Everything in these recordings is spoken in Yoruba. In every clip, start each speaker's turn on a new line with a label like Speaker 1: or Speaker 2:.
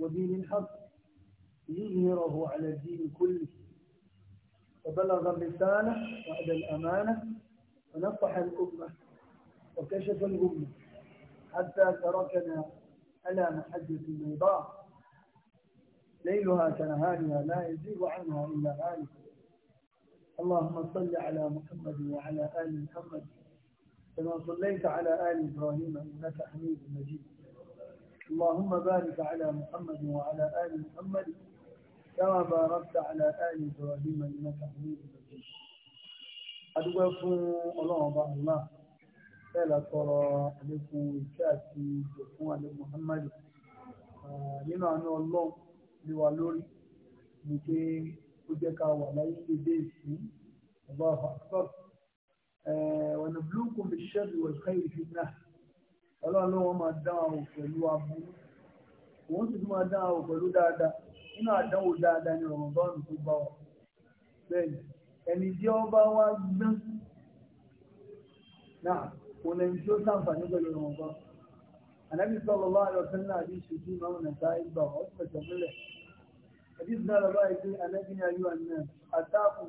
Speaker 1: ودين الحق ليظهره على الدين كله وبلغ الرسالة وأدى الأمانة ونصح الأمة وكشف الأمة حتى تركنا على محجة بيضاء ليلها كنهارها لا يزيغ عنها إلا هالك اللهم صل على محمد وعلى آل محمد كما صليت على آل إبراهيم إنك حميد مجيد اللهم بارك على محمد وعلى آل محمد كما باركت على آل إبراهيم إنك حميد مجيد adúgbẹ́ fún ọlọ́run ọba allah bẹ́ẹ̀ la tọrọ àlékún ìfẹ́ àti ìjọ fún alẹ́ muhammad ah, nínú àánú ọlọ́run lé wa lórí ni pé ó jẹ́ ká wà láyé lédè ìsìn ọba àfàkọ́ ẹ̀ wọ̀nà blue kò lè ṣẹ́bi wọ̀ ìfẹ́ ìfitna. ọlọ́run ló wọ́n máa dán àwò pẹ̀lú aburú òun sì tún máa dán àwò pẹ̀lú dáadáa nínú àdánwò dáadáa ni rọ̀mọ̀dọ́ọ̀nù tó bá wà bẹ́ẹ̀ ẹni tí ó bá wá gbọ́n náà kò lè tí ó sàǹfààní pẹ̀lú rọ̀mọ̀dọ́ọ̀nù ànábì sọ̀rọ̀ lọ́wọ́ àlọ́sẹ́ náà bí ìṣojú máa ń nàta ìgbà ọ̀sẹ̀ mílẹ̀ àdìs náà lọ́wọ́ àìsí ànábì ní ayé wa náà àtàkùn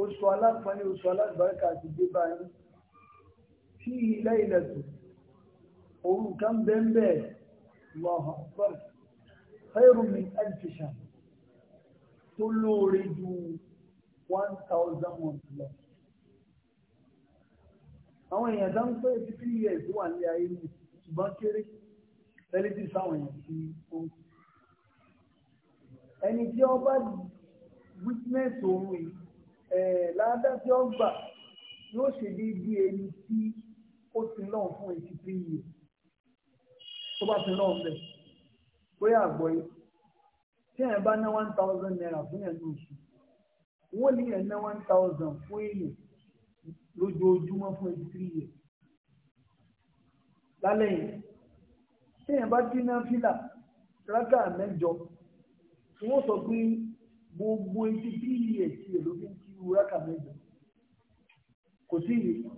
Speaker 1: oṣù aláǹfààní oṣù alábàárìkà àti dé báyìí tí ilẹ̀ ilẹ̀ tó òun kan bẹ́ẹ̀ lọ́hàn sọ́rọ̀ fẹ́rùmí ẹ̀dìṣà tó lóore ju 1000 months lọ àwọn èèyàn tó ń pẹ́ ti fi ilẹ̀ tó wà ní ayé mi ṣùgbọ́n kéré tẹ́lẹ̀ tí sáwọn èèyàn ti ó ẹni tí ó witness òun yìí ládájọ́ gbà yóò ṣe déédé ẹni tí ó ti lọ́n fún eighty three years tó bá ti lọ́n bẹ̀ bóyá àgbọ̀yé tí ẹ̀ bá ná one thousand naira fún ẹ̀ ní oṣù wọ́n ní ẹ̀ ná one thousand fún èèyàn lójoojúmọ́ fún eighty three years lálẹ́ yìí tí ẹ̀ bá dín náà fìlà rákà mẹ́jọ wọ́n sọ pé gbogbo eighty three years ti èlò fi ń rákà mẹ́jọ kò sí ìlú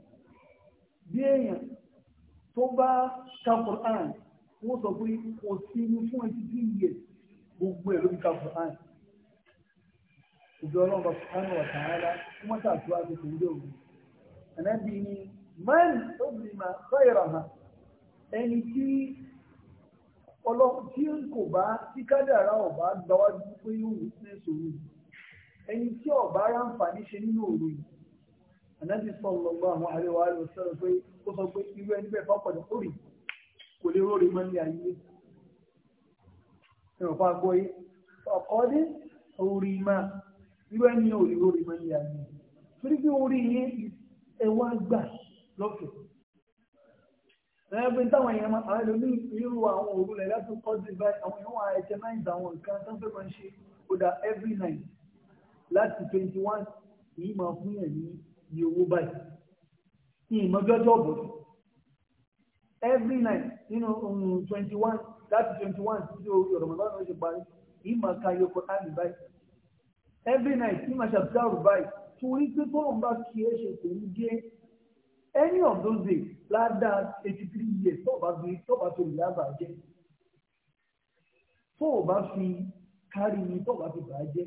Speaker 1: bí èèyàn tó bá ka Qur'an wọ́n sọ pé gbogbo ẹ̀ ló ń ka Qur'an ìjọ ọlọ́run bá Subhanahu wa ta'ala wọ́n mọ́ta àti ni man tó tí ọlọ́run kò bá tí kádàrá ò bá pé yóò ẹni tí ọba ráǹfààní ṣe nínú òru yìí ànábì sallallahu alaihi wa sallam pé ó sọ pé irú ẹni bẹ́ẹ̀ fọ́pọ̀lọ́ ó rì kò lè rórí mọ́ ní ayé ẹ̀rọ bá gbọ́ yé ọ̀kọ́ dé orí máa irú ẹni ò lè rórí mọ́ ní ayé torí pé orí yẹn ẹwà gbà lọ́fẹ̀ẹ́ ẹgbẹ́ táwọn èèyàn máa àwọn ẹlòmíì irú àwọn òrùlẹ̀ láti kọ́ sí báyìí àwọn èèyàn wà ẹ̀jẹ̀ náà ìgbà àwọn nǹkan tó ń fẹ́ máa ṣe ó every night láti twenty one yìí máa fún yàn ní iye owó báyìí ní ìmọ̀jọ́jọ́ ọ̀bọ̀ every night nínú twenty one láti twenty one títí ọ̀rọ̀mọ̀lá náà ṣe parí yìí máa ka iye kọta mi báyìí every night yìí máa ṣàbíkàrù báyìí torí pé tọ́lọ́n bá kí ẹ ṣe kò ní jẹ́ any of those days ládà eighty three years tọ́ọ̀bá fi tọ́ọ̀bá fi ìyá bàjẹ́ tọ́ọ̀bá fi kárí ni tọ́ọ̀bá fi bàjẹ́.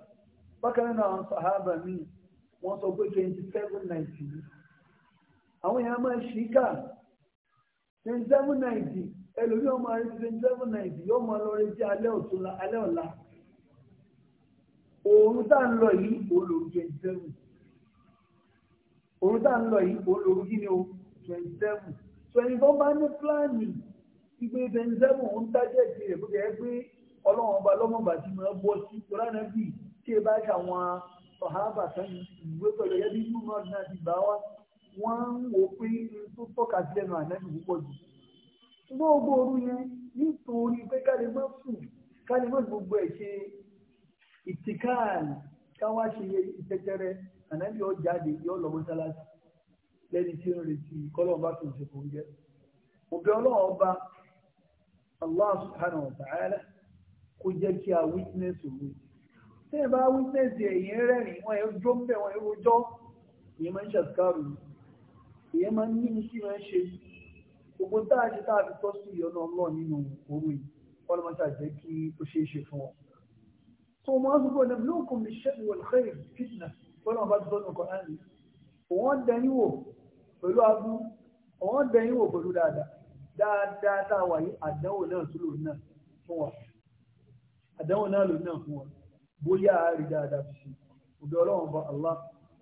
Speaker 1: bákan náà àwọn sàhábà mi wọ́n sọ pé twenty seven ninety àwọn èèyàn máa ṣí ká twenty seven ninety ẹlòmí ọmọ àrí twenty seven ninety yóò máa lọ retí alẹ́ ọ̀túnla alẹ́ ọ̀la òòrùn tá à ń lọ yìí olórí twenty seven òòrùn tá à ń lọ yìí olórí kí ni o twenty seven twenty four bá ní pílánì ìgbé twenty seven ń dájẹ́ ìdí rẹ̀ bó ẹ pé ọlọ́run ọba lọ́mọba ti máa bọ́ sí torí bíi tí ẹ bá ṣàwọn ọ̀hábà kan ìwé pẹ̀lú ẹ̀yẹ́ bí yúmọ̀ náà ti gbà wá wọ́n ń wò pé tó tọ́ka sí ẹnu ànábì púpọ̀ jù. gbogbo òru yẹn nítorí pé káde mọ́ sùn káde mọ́ gbogbo ẹ̀ ṣe ìtìkáàlì káwá ṣe ìtẹ́tẹ́rẹ ànábì ó jáde yọ lọ mọ́sálásí lẹ́ni tí ó ń retí kọ́lọ́ọ̀bá tó ń ṣe fún jẹ́. òbí ọlọ́wọ́ ọba Allah subhanahu wa ta'ala kó jẹ́ kí a witness òwe tí ẹ bá wítẹ́sì ẹ̀yìn rẹ̀rìn wọn ẹ̀ jó ń bẹ̀ wọn ẹ̀ rojọ́ ìyẹn máa ń ṣàtìkárù ìyẹn máa ń ní iṣẹ́ máa ń ṣe gbogbo tá a ṣe tá a fi tọ́ sí ìyọnu ọlọ́ nínú òru yìí wọ́n lọ́ máa ṣàjẹ́ kí ó ṣeé ṣe fún wọn. tó máa ń sọ pé lóòkùn mi ṣẹ́ni wọ̀lẹ̀ xẹ́yìn fún wa àdánwò náà lò náà fún wa. bóyá a rí dáadáa fi ṣe ọ̀dọ̀ ọlọ́run bá Allah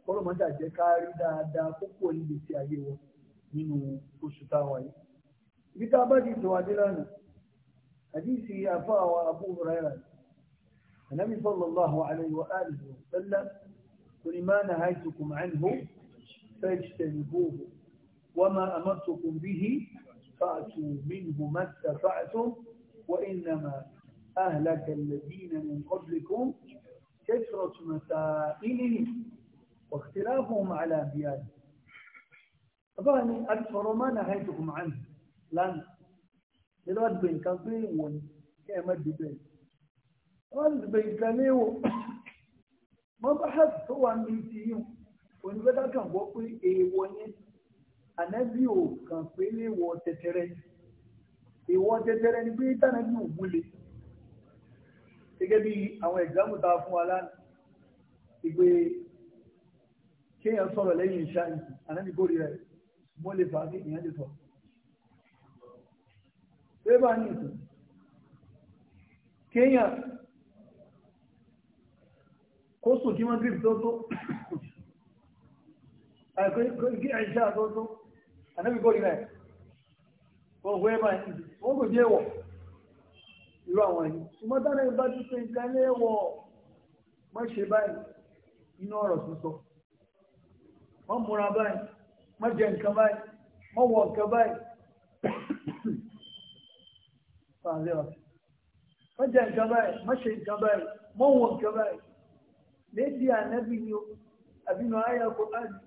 Speaker 1: kọ́lọ́ mọ́tà jẹ́ ká rí dáadáa kókó níbi tí ayé wọn nínú oṣù táwa yìí. ibi tá a bá di ìtàn adé lánàá àdìsí afọ àwọn Abu Hurairah Ànábì sallallahu alaihi wa alihi wa sallam ma nahaytukum anhu fajtanibuhu wa ma amartukum bihi فأتوا منه ما استطعتم وإنما أهلك الذين من قبلكم كثرة مسائله واختلافهم على أنبيائه أباني أكثر ما نهيتكم عنه لأن للواد بين كافين ون كما بين وان بين كانيو ما بحث هو عن بيتيهم ونبدا كان بوكوي اي وني anabi o kan pele wo tetere ìwọ tetere ni bí gẹ́gẹ́ bí àwọn ẹ̀gbámù ta fún wa lánàá ìgbé kéèyàn sọ̀rọ̀ lẹ́yìn ìṣá ànábìgórì rẹ̀ mo lè fà á sí ìyẹn lè sọ. Bébà ní ìsìn kéèyàn kó sùn kí wọ́n gírí tó tó àìṣá tó tó ànábìgórì rẹ̀ kò wé báyìí wọ́n kò jẹ́ wọ̀ irú àwọn ẹni ṣùgbọ́n dáná ìbá ti pé nǹkan ẹlẹ́wọ̀ má ṣe báyìí inú ọ̀rọ̀ sísọ má múra báyìí má jẹ nǹkan báyìí má wọ nǹkan báyìí fàlẹ́ ọ̀ má jẹ nǹkan báyìí má ṣe nǹkan báyìí má wọ nǹkan báyìí lédi ànábì ni o àbí nà áyà kó áàdì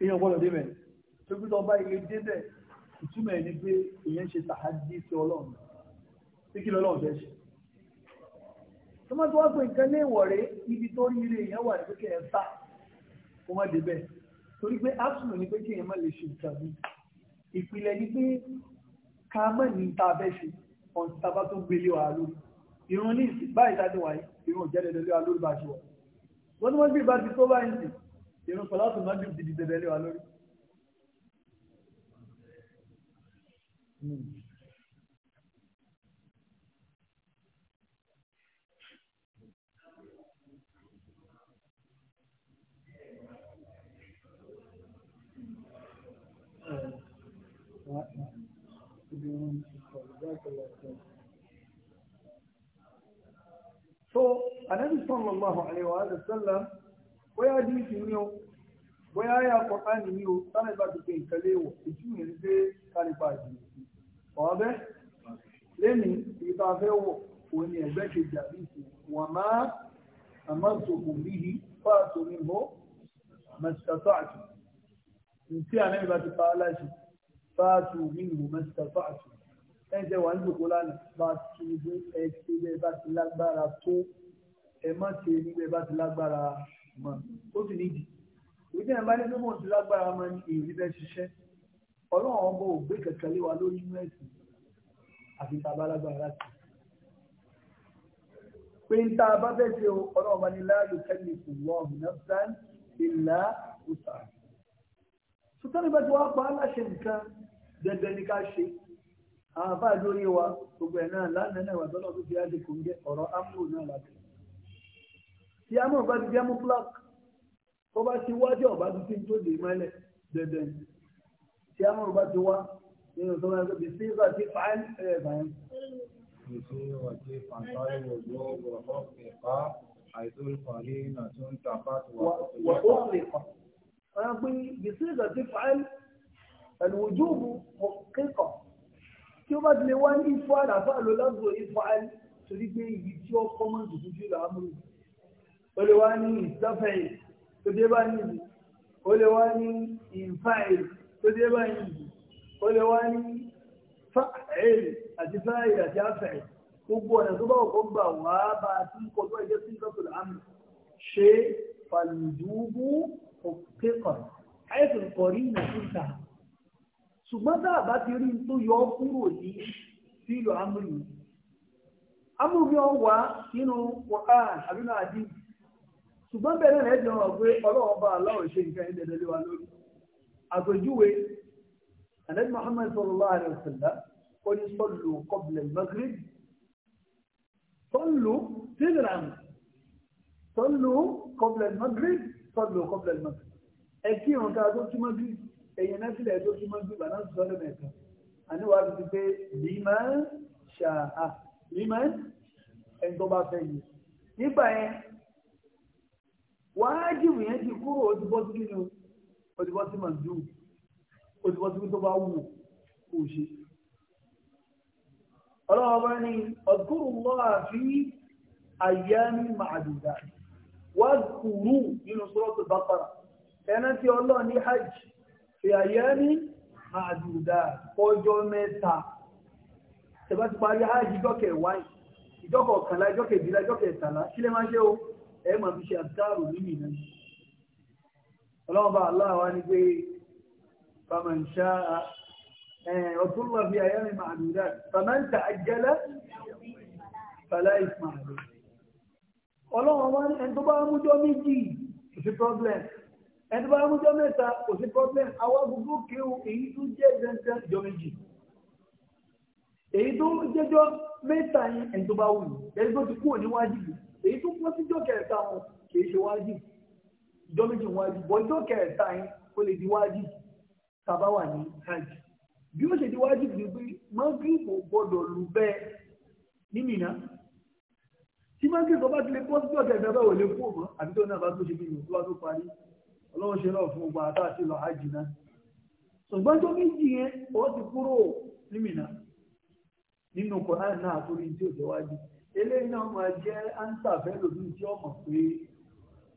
Speaker 1: èèyàn gbọ́dọ̀ débẹ̀ tó gbé tó bá ilé débẹ̀ ìtumọ̀ ẹni pé ìyẹn ṣe tàhádì sí ọlọ́run tí kí lọ́lọ́run fẹ́ ṣe tó má tó wá pé nǹkan ní ìwọ̀rẹ́ ibi tó rí ire èèyàn wà ní pé kí ẹ sá kó má dé bẹ́ẹ̀ torí pé áṣùnù ni pé kí èèyàn má lè ṣe ìtàbí ìpìlẹ̀ ni pé ká mọ̀ ní ta bẹ́ ṣe ọ̀n tí tabá tó gbélé wa lórí ìrún ní ìsìn báyìí tá a ti wáyé ìrún ò jẹ́lẹ̀ lórí wa lórí bá ṣe wọ̀ wọ́n tó wọ́n gbé ìbá ti tó báyìí ìrún pẹ̀lú àtùmọ́jú So, Anabi sallallahu alaihi wa sallam, bóyá díìsì ní o, bóyá ayé akọ̀tá ní o, sáré bá ti pè ìkẹlẹ́ ìwọ̀, ìtúnyẹ̀ ń gbé kárípa ìdìbò ọ̀bẹ lẹ́nu ìta fẹ́ wọ̀ kò ní ẹgbẹ́ kejì àbí ìsìn wọ́n máa àmọ́sòkò bíi fáàtò ní mọ́ mẹ́sítàtọ́ àti ntí ànábì bá ti pa aláṣẹ fáàtò ní mọ́ mẹ́sítàtọ́ àti ẹ̀jẹ̀ wà ń jòkó bá ti gbé ẹ̀ṣẹ̀ bẹ́ẹ̀ bá ti lágbára tó ẹ má ṣe níbẹ̀ bá ti lágbára mọ́ ó sì nídìí ìdí ẹ̀ bá ní pé mo ti lágbára mọ́ ní ìrírí bẹ́ẹ̀ ṣiṣẹ́ ọlọ́run ọmọ ògbé kẹ̀kẹ́ lé wa lórí inú ẹ̀sìn àfi tá a bá lágbára láti. pé ń tá a bá fẹ́ ṣe ọlọ́run bá ní láàyò kẹ́lẹ́ kò wọ ọ̀hún ìlà òtà. sọ́tọ́ni bá ti wá pa á láṣẹ nǹkan dandan ní ká ṣe àwọn lórí wa gbogbo ẹ̀ náà lánàá náà wà tọ́lọ́ tó fi ájẹ kò ń jẹ ọ̀rọ̀ amúlò náà láti. tí amúlò bá ti jẹ́ mú plak tó bá ti wájú ọ̀bá tuntun tó dé mọ́lẹ̀ dandan tí a mọ̀ bá ti wá nínú tó máa ń gbé sí ìgbà tí fàáyín ẹ̀rẹ̀ fàáyín. Ìṣe ọ̀tí fàǹtàrí òjò ọ̀pọ̀ ìfá àìsórífàárí náà tó ń ta fáti wà ó lè fà. Wọ́n pín gbèsè ìgbà tí fàáyín ẹ̀lùwòjú òbu ọ̀kẹ́kọ̀. Tí ó bá ti lè wá ní ifọ̀ àdàfà ló lọ́gbọ̀ ifọ̀ àìl torí pé ibi tí ó kọ́ mọ́ tuntun sí làámúrù. Ó lè wá ní ìsáfẹ̀yì tó dé bá ní Ó lè wá ní ìfáìlì tó dé báyìí ó lè wá ní fáàlì àti fáàlì àti àfẹ́ gbogbo ọ̀nà tó bá òkú gbà wá bá a ti ń kọjú ẹjẹ́ sí ìjọba àmì ṣe fàlùdúgbù òkèkọ̀ àìsàn kọ̀rí ṣùgbọ́n tá a bá ti rí tó yọ kúrò ní sílò ọ̀ wá nínú àbínú ṣùgbọ́n bẹ́ẹ̀ náà ẹ̀jẹ̀ wọn pé ọlọ́wọ́ àpèjúwe anabi muhammad sallallahu alayhi wa sallam ó ní sọlù kọbìlẹ maghrib sọlù tìlìràn sọlù kọbìlẹ maghrib sọlù kọbìlẹ maghrib ẹ kí ìrun ká tó túmọ̀ bí ẹ̀yìn náà sílẹ̀ tó túmọ̀ bí bàná sọlù mẹ́ta àníwá ti pé lima ṣáà lima ẹni tó bá fẹ́ yìí nígbà yẹn wáájìwì yẹn ti kúrò ó ti bọ́ sí nínú ó ti bọ́ sí màdú ó ti bọ́ sí tó bá wù kó ṣe. ọlọ́wọ́ bá ní ọ̀dùkúrú lọ́wọ́ àfi àyàmí màdùdà wà kúrú nínú sọ́rọ́tò bàbàrà ẹ̀nà tí ọlọ́ọ̀ ní hajj fi àyàmí màdùdà kọjọ́ mẹ́ta tẹ̀bá ti parí hajj ìjọ́kẹ̀ wáyé ìjọ́kọ̀ kànlá ìjọ́kẹ̀ ìdílá ìjọ́kẹ̀ ìtàlá sílẹ̀ máa ṣe ó ẹ̀ máa fi ṣe àdárò nínú ìnáyìí ọlọ́run bá aláwa ni pé fàmàǹṣá ọdún lọ bí ayé mi máa dùn dáa fàmàǹṣá àjẹlẹ fàlà ìsmaàlú ọlọ́run wá ní ẹni tó bá mújọ́ méjì kò sí problem ẹni tó bá mújọ́ mẹ́ta kò sí problem àwa gbogbo kéwù èyí tó jẹ́ dandan jọ méjì èyí tó jẹjọ́ mẹ́ta yẹn ẹni tó bá wù ní ẹni tó ti kúrò níwájú èyí tó pọ́ síjọ́ kẹta wọn kì í ṣe wájú ìjọ méjì wájú bọ́ ìjọ kẹta yẹn ó lè di wájú tàbá wà ní hajj bí ó ṣe di wájú ni pé mọ́gìrìbò gbọ́dọ̀ lù bẹ́ẹ̀ ní Mínà tí mọ́gìrìbò bá ti lè pọ́ síbí ọ̀tẹ̀ ìfẹ́ ò lè kú òmọ́ àbí tó náà bá tó ṣe bí ìlú tó bá tó parí ọlọ́run ṣe náà fún ọgbà àtàtì lọ hajj náà ṣùgbọ́n tó méjì yẹn ó ti kúrò ní Mínà nínú Kùránì náà torí tí ò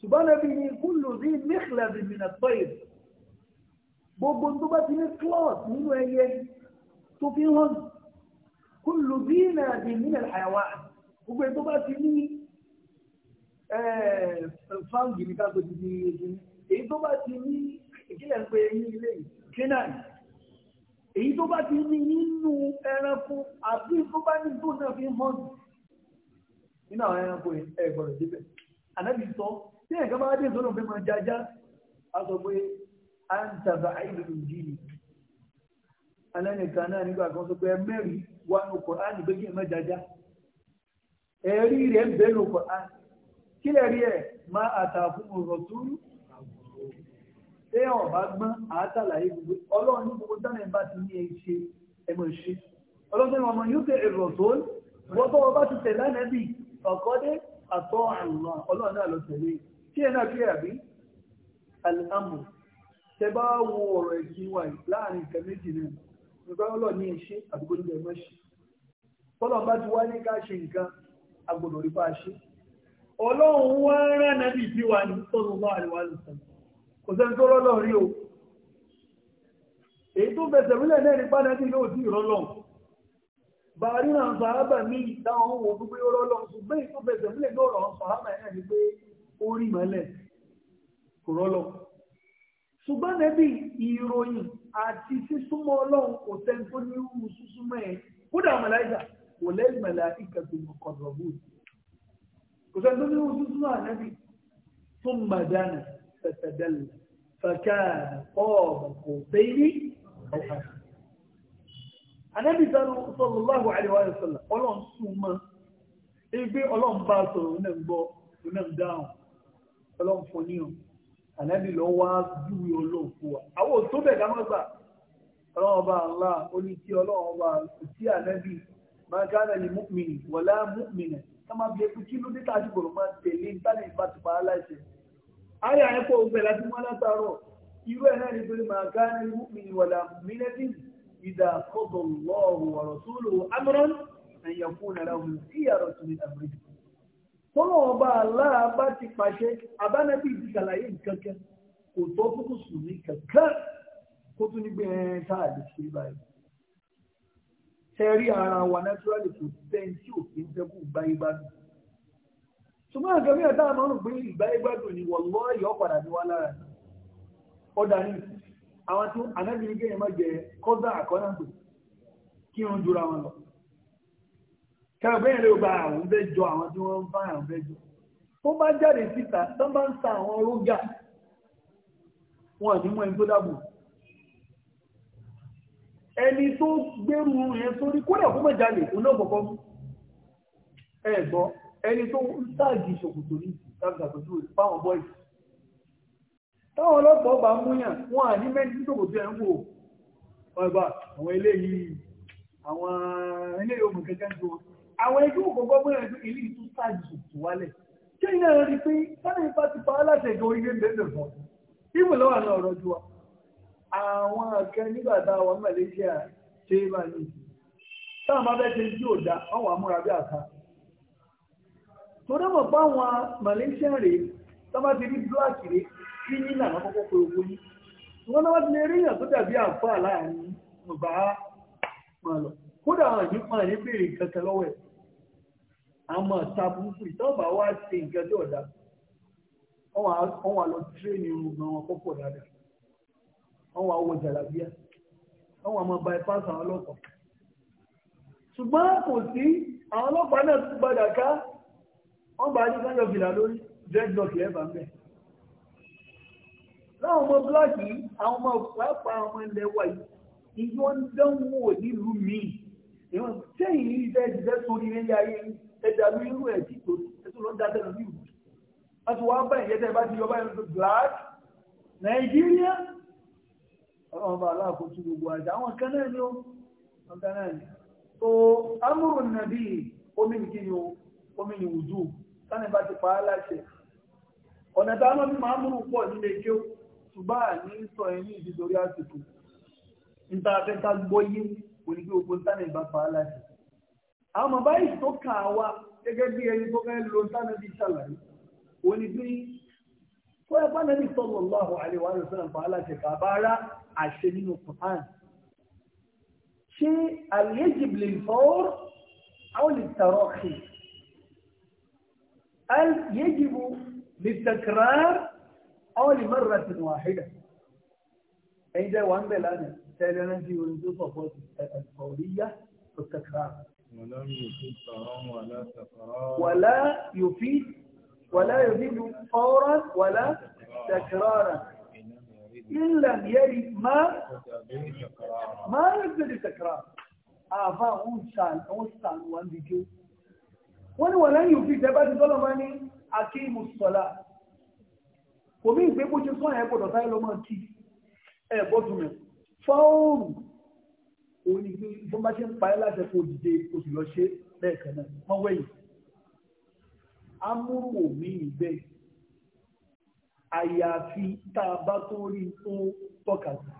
Speaker 1: ṣùgbọ́n nàbí ni kúlù sí mìkìlẹ̀bì mìnà tọ́yìn gbogbo tó bá ti ní claws nínú ẹyẹ tó fi hàn kúlù sí nàbí mìnà àyàwá gbogbo tó bá ti ní fáǹgì ní káàkó ti di ẹyẹ èyí tó bá ti ní ìkílẹ̀ ń pe ẹyẹ ilé kénáì èyí tó bá ti ní nínú ẹranko àbí tó bá ní tó náà fi hàn nínú àwọn ẹranko ẹ gbọ́dọ̀ débẹ̀ ànábì sọ tí ẹ̀kan bá dé sọ́nà fẹ́ máa jájá a sọ pé a ń tàbà àìlú ìjìnì alẹ́nìkan náà nígbà kan sọ pé mẹ́rin wà ní Kùránì pé kí ẹ má jájá ẹ̀rí rẹ̀ ń bẹ́ẹ̀ ní Kùránì kí lè rí ẹ̀ máa àtàkùn ọ̀rọ̀ tó rú téèyàn bá gbọ́n àátàlàyé gbogbo ọlọ́run ní gbogbo dáná ẹ̀ bá ti ní ẹ ṣe ṣe ọlọ́run ọmọ yóò kí ẹ náà kí àbí alhamdu tẹ bá wo ọ̀rọ̀ ẹ̀sìn wa láàrin nǹkan méjì náà nígbà ọlọ́ ní ẹṣẹ́ àdúgbò nígbà ẹ̀mọ́ ṣe tọ́lọ̀ bá ti wá ní ká ṣe nǹkan agbọ̀dọ̀ rí bá ṣe ọlọ́run wá rán nàbì bí wa ní tọ́lọ̀ bá àríwá lùsàn kò sẹ́ni tó rọ́lọ́ rí o èyí tó fẹsẹ̀ rílẹ̀ náà ní pánẹ́tì náà sí ìrọ́lọ́ bá náà sàábà míì táwọn ohun gbogbo rọ́lọ́ ṣùgbọ́n èyí tó fẹsẹ̀ rílẹ̀ náà rọ̀ sàábà náà ní pé orí mọ́lẹ̀ kò rọ́lọ́ ṣùgbọ́n nẹ́bí ìròyìn àti sísúnmọ́ ọlọ́run kò sẹ́ni tó ní irú sísúnmọ́ ẹ̀ kódà màláíkà kò lẹ́yìn màláíkà tó mọ̀ kọ̀dọ̀bù kò sẹ́ni tó ní irú sísúnmọ́ ànẹ́bí tó ń gbàdánà tẹ̀tẹ̀dẹ́lẹ̀ fàkàrà ọ̀bọ̀ kò bẹ́ẹ̀rí ọ̀hán Ànábì sallallahu alaihi wa sallam ọlọ́run súnmọ́ ibi ọlọ́run bá sọ̀rọ̀ ọlọ́run fún níyàn ànábì lọ wá júwe ọlọ́run fún wa àwọn òtó bẹ̀ dámọ́ gbà ọlọ́run ọba ńlá ó ní tí ọlọ́run ọba tí ànábì máa gánà ní múmìnì wọ̀lá múmìnì ká máa bí ẹkú kí ló dé tàbí gbọ̀rọ̀ máa tẹ̀lé nítorí ìbá ti pa aláìsẹ. ayé àyẹ̀kọ́ ògbẹ̀ láti mú alátàárọ̀ irú ẹ̀ náà ní pé máa gánà ní múmìnì wọ̀lá múmìnì ìdá kọ́dọ̀ lọ́ọ̀rọ̀ wọ̀rọ̀ sólò amúrán ẹ̀yẹ̀kú nàrà òun sí yàrá òtún ní àmì tọ́nà ọba bá ti pàṣẹ abánẹ́bí ti ṣàlàyé kò tọ́ fún mùsùlùmí kankan kó tún nígbẹ́ ẹ̀ẹ́n tá ṣe báyìí. tẹ́rí ara wa naturally kò tẹ́ni tí òfin fẹ́ gba ìgbádùn. ṣùgbọ́n nǹkan bí ẹ̀dá àmọ́ pé ìgbà ìgbádùn ni wọ́n lọ́ ẹ̀yọ́ padà ní wa lára ọ̀dà ni àwọn anábìrin kéèyàn má jẹ kọ́dà kí kẹfẹ́yìn ló gba àwọn bẹ́ẹ̀ jọ àwọn tí wọ́n ń bá àwọn bẹ́ẹ̀ jọ ó bá jáde síta tó bá ń ta àwọn rógà wọn àti mú ẹni tó dáàbò ẹni tó gbẹrù yẹn sórí kódà kó mọ̀ jáde òun náà kọ̀kọ́ mú ẹ gbọ́ ẹni tó ń táàgì ìṣòkòtò ní ìtàgà tó dúró fáwọn bọ́ìsì táwọn ọlọ́pàá ọba múyàn wọn à ní mẹ́rin ìṣòkòtò ẹ̀ ń wò ọba àwọn eléyìí àwọn eléyìí òmùkẹ́kẹ́ ń tó wọn àwọn ẹgbẹ́ òkòkò gbọ́yàn pé ilé ìtú sáàjì tó wálẹ̀ kí ni ẹ̀rọ rí pé sáré ipa ti pa aláṣẹ ìjọ orílẹ̀ èdè fún ìwò lọ́wọ́ àwọn ọ̀rọ̀ ju wa àwọn akẹ́ nígbà tá a wà Malaysia ṣe é bá ní táwọn bá bẹ́ẹ̀ ṣe tí ò wọ́n wà múra bí Malaysia tó bá ti rí kí ní kọ́kọ́ àmọ́ tabuku ìtọ́ba wá ṣe nǹkan tí ọ̀dà wọ́n wà lọ tírénì irun gan wọn kọ́kọ́ dáadáa wọ́n wà wọ jàlábíà wọ́n wà máa bypass àwọn ọlọ́pàá ṣùgbọ́n kò sí àwọn ọlọ́pàá náà tún gbàdà ká wọ́n bá ní sáyọ fìlà lórí dreadlock lẹ́bàá ń bẹ̀. láwọn ọmọ búlọ́ọ̀kì àwọn ọmọ pàápàá àwọn ọmọ ilẹ̀ wa yìí ìyọ́ndánwò nílùú míì ìwọ̀n tẹ́yìn ilẹ̀ ìdílé sórí ilé ayé yìí ẹ̀dà lu irú ẹ̀ tí tó ẹ̀tún ló ń dáadẹ́ lórí ìlú wọ́n ti wọ́n bẹ̀rẹ̀ yẹ́tẹ́ bá ti yọ báyìí lóṣù black nàìjíríà ọlọ́run bá aláàkóso gbogbo àjà àwọn kan náà ni ó wọ́n kan náà ni so amúrò nàbí omi nìkí ni ó omi ni wùdú sani bá ti pa á láṣẹ ọ̀nà táwọn ọmọ mi máa ń múrù pọ̀ nílé kí ó ṣùgbọ́n àní sọ ẹ̀yìn ìdíjọ́rí àsìkò níta afẹ́ta gbọ́yé onígbé ogun sani bá pa á láṣẹ àwọn bàbá yìí tó kà wá gẹ́gẹ́ bí ẹni tó fẹ́ lo sánẹ́bí ṣàlàyé ó ní bí kó ẹ bá nẹ́bí sallallahu alaihi wa sallam bá aláṣẹ bàbá rá àṣẹ nínú Qur'an ṣé al-yajib lil-fawr aw lit-tarahi al-yajib lil-takrar aw li-marratin wahida ẹ̀yin jẹ́ wà bẹ̀ lánàá tẹ́lẹ̀ rántí orin tó sọ̀pọ̀ al-fawriyya wat-takrar wàlá yòfí wàlá yòfí lu ọ̀rọ̀ wàlá tẹ̀kìrọ̀rà ilẹ̀ yẹ́rì máa ń gbèdè tẹ̀kìrọ̀rà àbá òun sàn wọn dìjọ́ wọ́n ní wàlá yòfí tẹ́bá ti tọ́lọ́ máa ní akíìmù sọ́lá kò mí ìgbé bó ṣe sọ́yà ẹ̀kọ́ dọ̀tá ẹ̀ lọ́mọ kí ẹ̀ bọ́dùnmẹ̀ fọ́ọ̀rù òun ni pé bó bá ṣe ń parí láti ẹ̀kọ́ òdìdé oṣù lọ ṣe lẹ́ẹ̀kan náà wọ́n wẹ̀yìn amúrù òmí ìgbẹ́ àyàfi tá a bá tó rí tó tọ́ka sí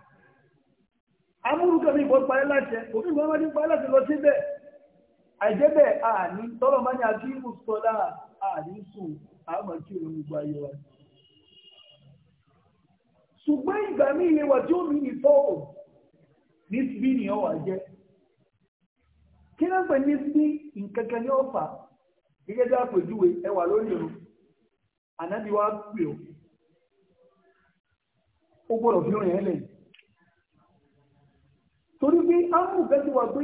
Speaker 1: amúrù kẹ́mi ìbọn parí láti ẹ̀ òfin ìbọn máa ń parí láti lọ sí bẹ́ẹ̀ àìjẹ́ bẹ́ẹ̀ àní tọ́lọ̀ máa ní akíyìmù sọ́dá àní sùn àmọ́ kí òun gbogbo ayé wa ṣùgbọ́n ìgbà míì lè tí ó mi ìfọ́ nísìbí ni ọwà jẹ́ kí ló ń pè nísìbí nkankan ní ọ̀fà gẹ́gẹ́ bí àpèjúwe ẹwà lónìí o ànábi wa pè ó ó gbọ́dọ̀ fi rìn ẹlẹ́yìn torí pé ámù kan ti wà pé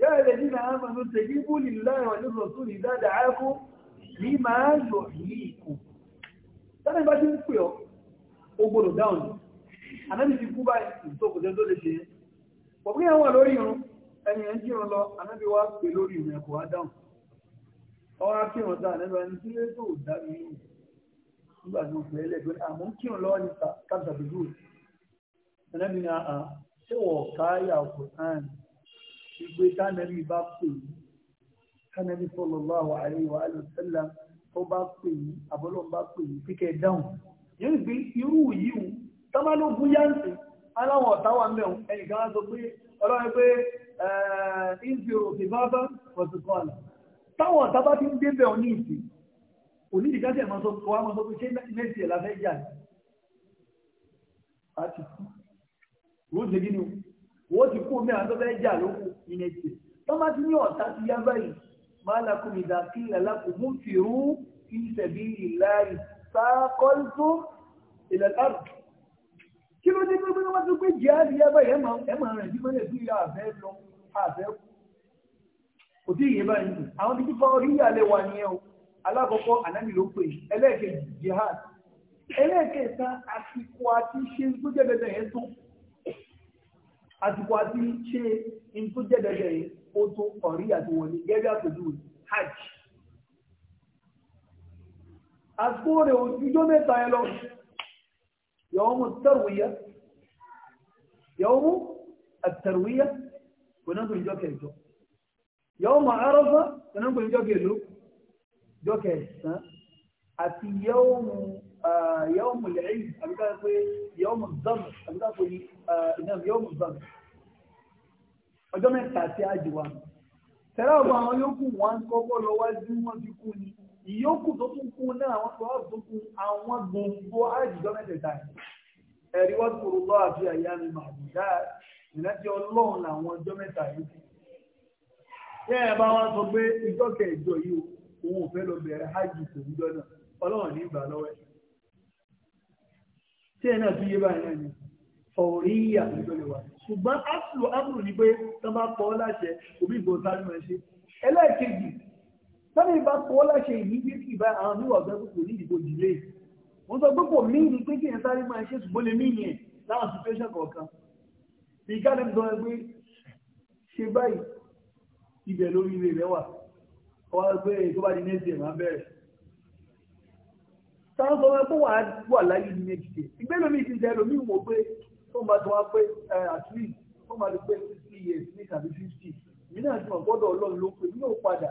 Speaker 1: yára ẹ̀rẹ̀ nínú àmà ló tẹ̀lé bóòlì láàrin ọ̀lẹ́ sọ̀tún ní dáadáa ákó ní máa lọ ní ìkù tẹ́lẹ̀ bá ti ń pè ọ́ ó gbọ́dọ̀ dáhùn ànábi ti kú báyìí tó kò tẹ́ tó lè ṣe é bọ̀bí yẹn wà lórí irun ẹni yẹn jírun lọ anábí wá pè lórí irun ẹ̀kọ́ wá dáhùn ọwọ́ akírun dáa nínú ẹni tí lè tó dá mi yìí nígbà tí mo pè é lẹ́gbẹ́ àmọ́ ń kírun lọ́wọ́ ní kábíyàbí dùn anábí ni àá ṣé wọ̀ káyà ọkọ̀ tán ìgbé tánẹ́bí bá pè é tánẹ́bí sallallahu alaihi wa alihi wasallam tó bá pè é àbọ́lọ́ bá pè é kíkẹ́ dáhùn yóò gbé irú yìí aláwọ̀ ọ̀táwà mẹ́un ẹnìkan sọ pé ọlọ́rin pé ìzìrò ìbábá ọ̀tùkọ́ àlà táwọn ọ̀tá bá ti ń dé bẹ̀rù ní ìsìn onídìíká sì máa sọ pé wàá máa sọ pé ṣé méjì ẹ̀ la fẹ́ jà á ti kú wọ́n ṣe kí ni wọ́n ti kú omi àwọn tó fẹ́ jà lóko ìyẹn ti tó má ti ní ọ̀tá ti yá báyìí máa lakùn ìdá kí ìlàlá kò mú tìrú ìṣẹ̀bí ìlà ìsákọ́lùtò ìlàlá rẹ̀ kí ló dé pé pé wọ́n ti pé jihadi yaba yẹn máa ẹ̀ máa rìn sí mọ́lẹ̀ sí ilé àfẹ́ lọ àfẹ́ kú kò tí ì yé báyìí nù àwọn ibi tí orí ìyàlẹ̀ wà nìyẹn o alákọ̀ọ́kọ́ ànábì ló pè ẹlẹ́ẹ̀kejì jihad ẹlẹ́ẹ̀kẹta àsìkò àti ṣe tó jẹ́ dandan yẹn tó àsìkò àti ṣe tó jẹ́ dandan yẹn ó tó ọ̀rí àti wọlé gẹ́gẹ́ àpèjú hajj àsìkò rẹ̀ òjújọ́ mẹ́ta yẹn lọ يوم التروية يوم التروية ونقول جو كيسو يوم عرفة ونقول جو كيسو جو كيسو àti يوم العيد àbí يوم الظهر àbí ká pé يوم الظهر ọjọ́ mẹ́ta tí a jù wa tẹ́lá ọgbà àwọn yòókù wọn kọ́kọ́ lọ wájú wọn ti kú ni ìyókù tó tún kú náà àwọn tó wọ́n tún kú àwọn gbogbo àìjìjọ́ mẹ́tẹ̀ẹ̀ta ẹ̀rí wọ́n tó rọ́ àti àyà mi mà dá ìrántí ọlọ́run làwọn ọjọ́ mẹ́ta yìí kù. Ṣé ẹ bá wọn sọ pé ìjọ kẹjọ yìí òun ò fẹ́ lọ bẹ̀rẹ̀ hajj tòmíjọ́ náà ọlọ́run ní ìgbà lọ́wọ́ ẹ̀. Ṣé ẹ náà tún yé báyìí náà ni? Ọ̀rí ìyà ló lè wà. Ṣùgbọ́n Áṣùlù Ábùrù ni pé tán sábà ìbá kọ́ láṣẹ ìmídìí ìbá àwọn níwà gbẹ́ kò ní ìdìbò ìdílé wọ́n sọ pé kò mí ní pé kí ẹ̀ sáré máa ṣe ṣùgbọ́n lè mí yẹn láwọn situation kọ̀ọ̀kan bí i káàdé gan ẹgbẹ́ ṣe báyìí ibẹ̀ lórí ilé rẹ̀ wà ọwọ́ ẹgbẹ́ tó bá di next year máa bẹ̀rẹ̀ sáà sọ pé wà á wà láyé ní next year ìgbẹ́ lómi ti jẹ́ lómi wò pé tó máa tó wá pé at least tó máa lè pé sixty years ní tàbí fifty mí náà ti mọ̀ gbọ́dọ̀ ọlọ́run ló pé mí ò padà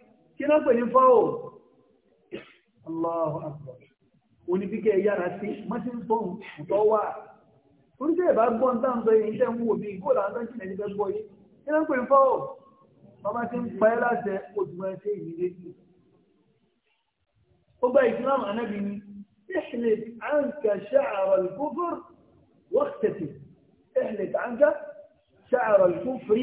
Speaker 1: kí náà pè ní fọ́ọ̀ Allahu Akbar oníbíkẹ́ yára sí mọ́sí fọ́ọ̀n tó wà oríṣẹ́ ìbá gbọ́n tán sọ yìí iṣẹ́ ń wò bí góòlù àwọn tó ń jìnà nípa gbọ́ yìí kí náà pè ní fọ́ọ̀ bàbá ti ń pa ẹ́ láṣẹ òtún ẹ ṣe ìdílé sí ó gba ìsìlámù anábì ni احلت عنك شعر الكفر واختتم احلت عنك شعر الكفر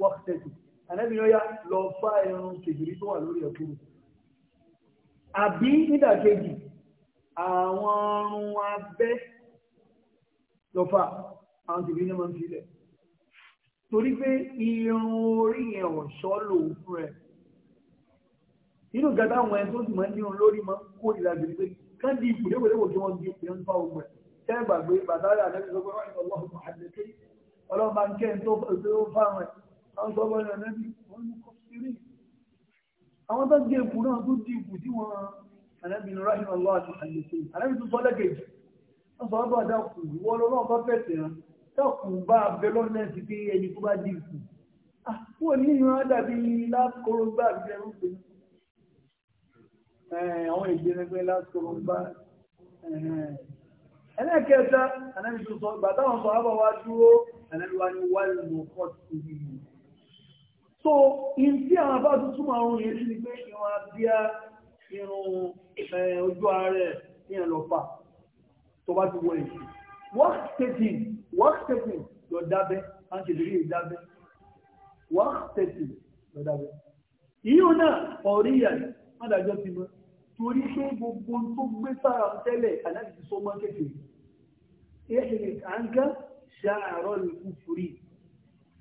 Speaker 1: واختتم ànábì yóò yá lọ fá ẹran kejìlí tó wà lórí ẹ̀kú àbí nídàkejì àwọn ọrùn abẹ́ lọ fá àwọn kejìlí náà máa ń filẹ̀ torí pé irun orí yẹn ọ̀ṣọ́ lòun fún rẹ̀ nínú gàdá àwọn ẹni tó sì máa ń nírun lórí máa ń kó ìlàjì pé ká di ìpìlẹ̀wẹ̀lẹ̀wò tí wọ́n di ìpìlẹ̀ ń bá ogun ẹ̀ tẹ́gbàgbé bàtàrí àdẹ́gbẹ̀sọ́gbọ́n ọlọ́run àdẹ́kẹ́ ọlọ́run bá ń kẹ́ ń tó fáwọn ẹ̀ àwọn sọ́bọ̀ rẹ̀ lẹ́bí wọ́n ní kọ́ sírí àwọn tó gé ìpù náà tó di ìpù tí wọ́n ànábìnrin ráhìn ọlọ́ àti àyèsè ànábìnrin tó sọ lẹ́gẹ̀ẹ́jì wọ́n sọ bá dákù ìwọ lọ́wọ́ bá fẹ̀sẹ̀ rán dákù bá abẹ lọ́nẹ́sì pé ẹni tó bá di ìpù àpò ah, ní ìran dàbí lákòrò gbà bí ẹrú pé àwọn èdè rẹpẹ lákòrò gbà ẹlẹ́kẹta ànábìnrin tó sọ gbà táwọn sọ so in tí àwọn bá tuntun máa ń yẹ sí ni pé ìwọ̀n abíá irun ojú ààrẹ ní ẹ̀lọ́fà tó bá ti wọ èsì work stating work stating lọ dábẹ́ á ń ṣe lérí ìdábẹ́ work stating lọ dábẹ́ ìyíò náà ọ̀rí ìyà mọ́dájọ́ ti mọ́ torí pé gbogbo tó gbé sára tẹ́lẹ̀ aláìsí sọ mọ́ kékeré ẹ̀ṣẹ̀ àǹkà ṣàárọ̀ lùkú fúrí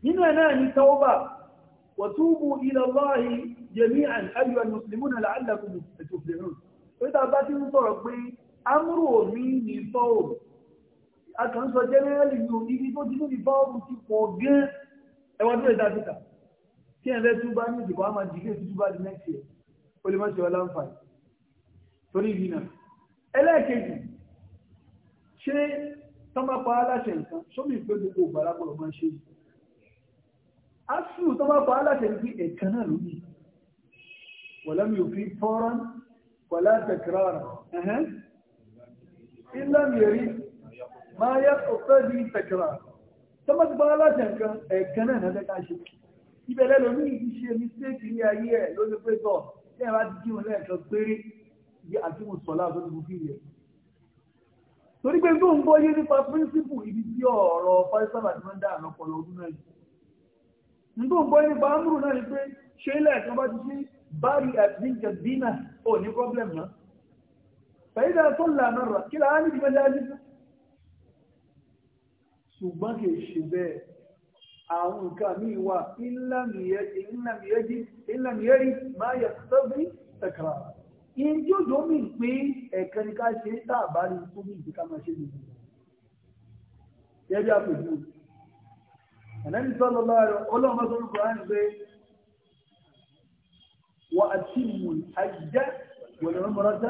Speaker 1: nínú ẹ̀ náà ní tọ́wọ́ bá وتوبوا إلى الله جميعا أيها المسلمون لعلكم تفلحون فإذا باتي نصرك بي أمر مني صوم أكن سو جنرالي يوني بي توجي نوني باوم تي فوغن ẹwà tó ìdá títà tí ẹ̀rẹ́ tún bá ní ìdìbò àmà dìgbé tuntun bá di next year ó lè má ṣe ọlá ń torí ìdí náà ẹlẹ́ẹ̀kejì ṣé tọ́mọ́pá aláṣẹ nǹkan sómi ìpé gbogbo ògbàlápọ̀ ọmọ ṣe yìí aṣù tó bá pa aláṣẹ ní ẹ̀kan náà ló ní wọ̀lẹ́mì òfin fọ́rán wọ̀lá tẹ̀kìrára ìlànà èrí máa yẹ ọ̀pẹ́ bí tẹ̀kìrára tó bá ti pa aláṣẹ nǹkan ẹ̀kan náà náà ká ṣe ìbẹ̀lẹ̀ ló ní ìdí ṣe mistake ní ayé ẹ̀ ló ní pé tọ̀ ní ẹ̀rọ ti kí wọn lẹ́ẹ̀kan péré yí àti mo sọ̀ láàbọ̀ ní mo fi yẹ torí pé tó ń gbọ́ yé nípa píríncípù ibi tí ọ̀rọ̀ fárísábà ti máa ń dà nígbà ògbó nípa amúrù náà ni pé ṣé ilẹ̀ kan bá ti sí báàrí àdínkà dínà ò ní problem náà fẹ̀yìdà tó lànà rà kí làá ní ìgbẹ́jà jíjẹ́ ṣùgbọ́n kì í ṣe bẹ́ẹ̀ àwọn nǹkan míì wà ìlànìyẹ́rí máa yẹ sẹ́bí ẹ̀kàrà ìjọ́jọ́ mi pé ẹ̀kẹ́ ni ká ṣe tá àbárí tó bí ṣe nìyí. Gẹ́gẹ́ bí ànábì sọ́lọ́ lọ́rọ̀ ọlọ́run bá sọ́rọ̀ kọ́ra ń pé wọ́n àti mú àjíjá wọ̀lẹ̀ mọ́mọ́rọ́tà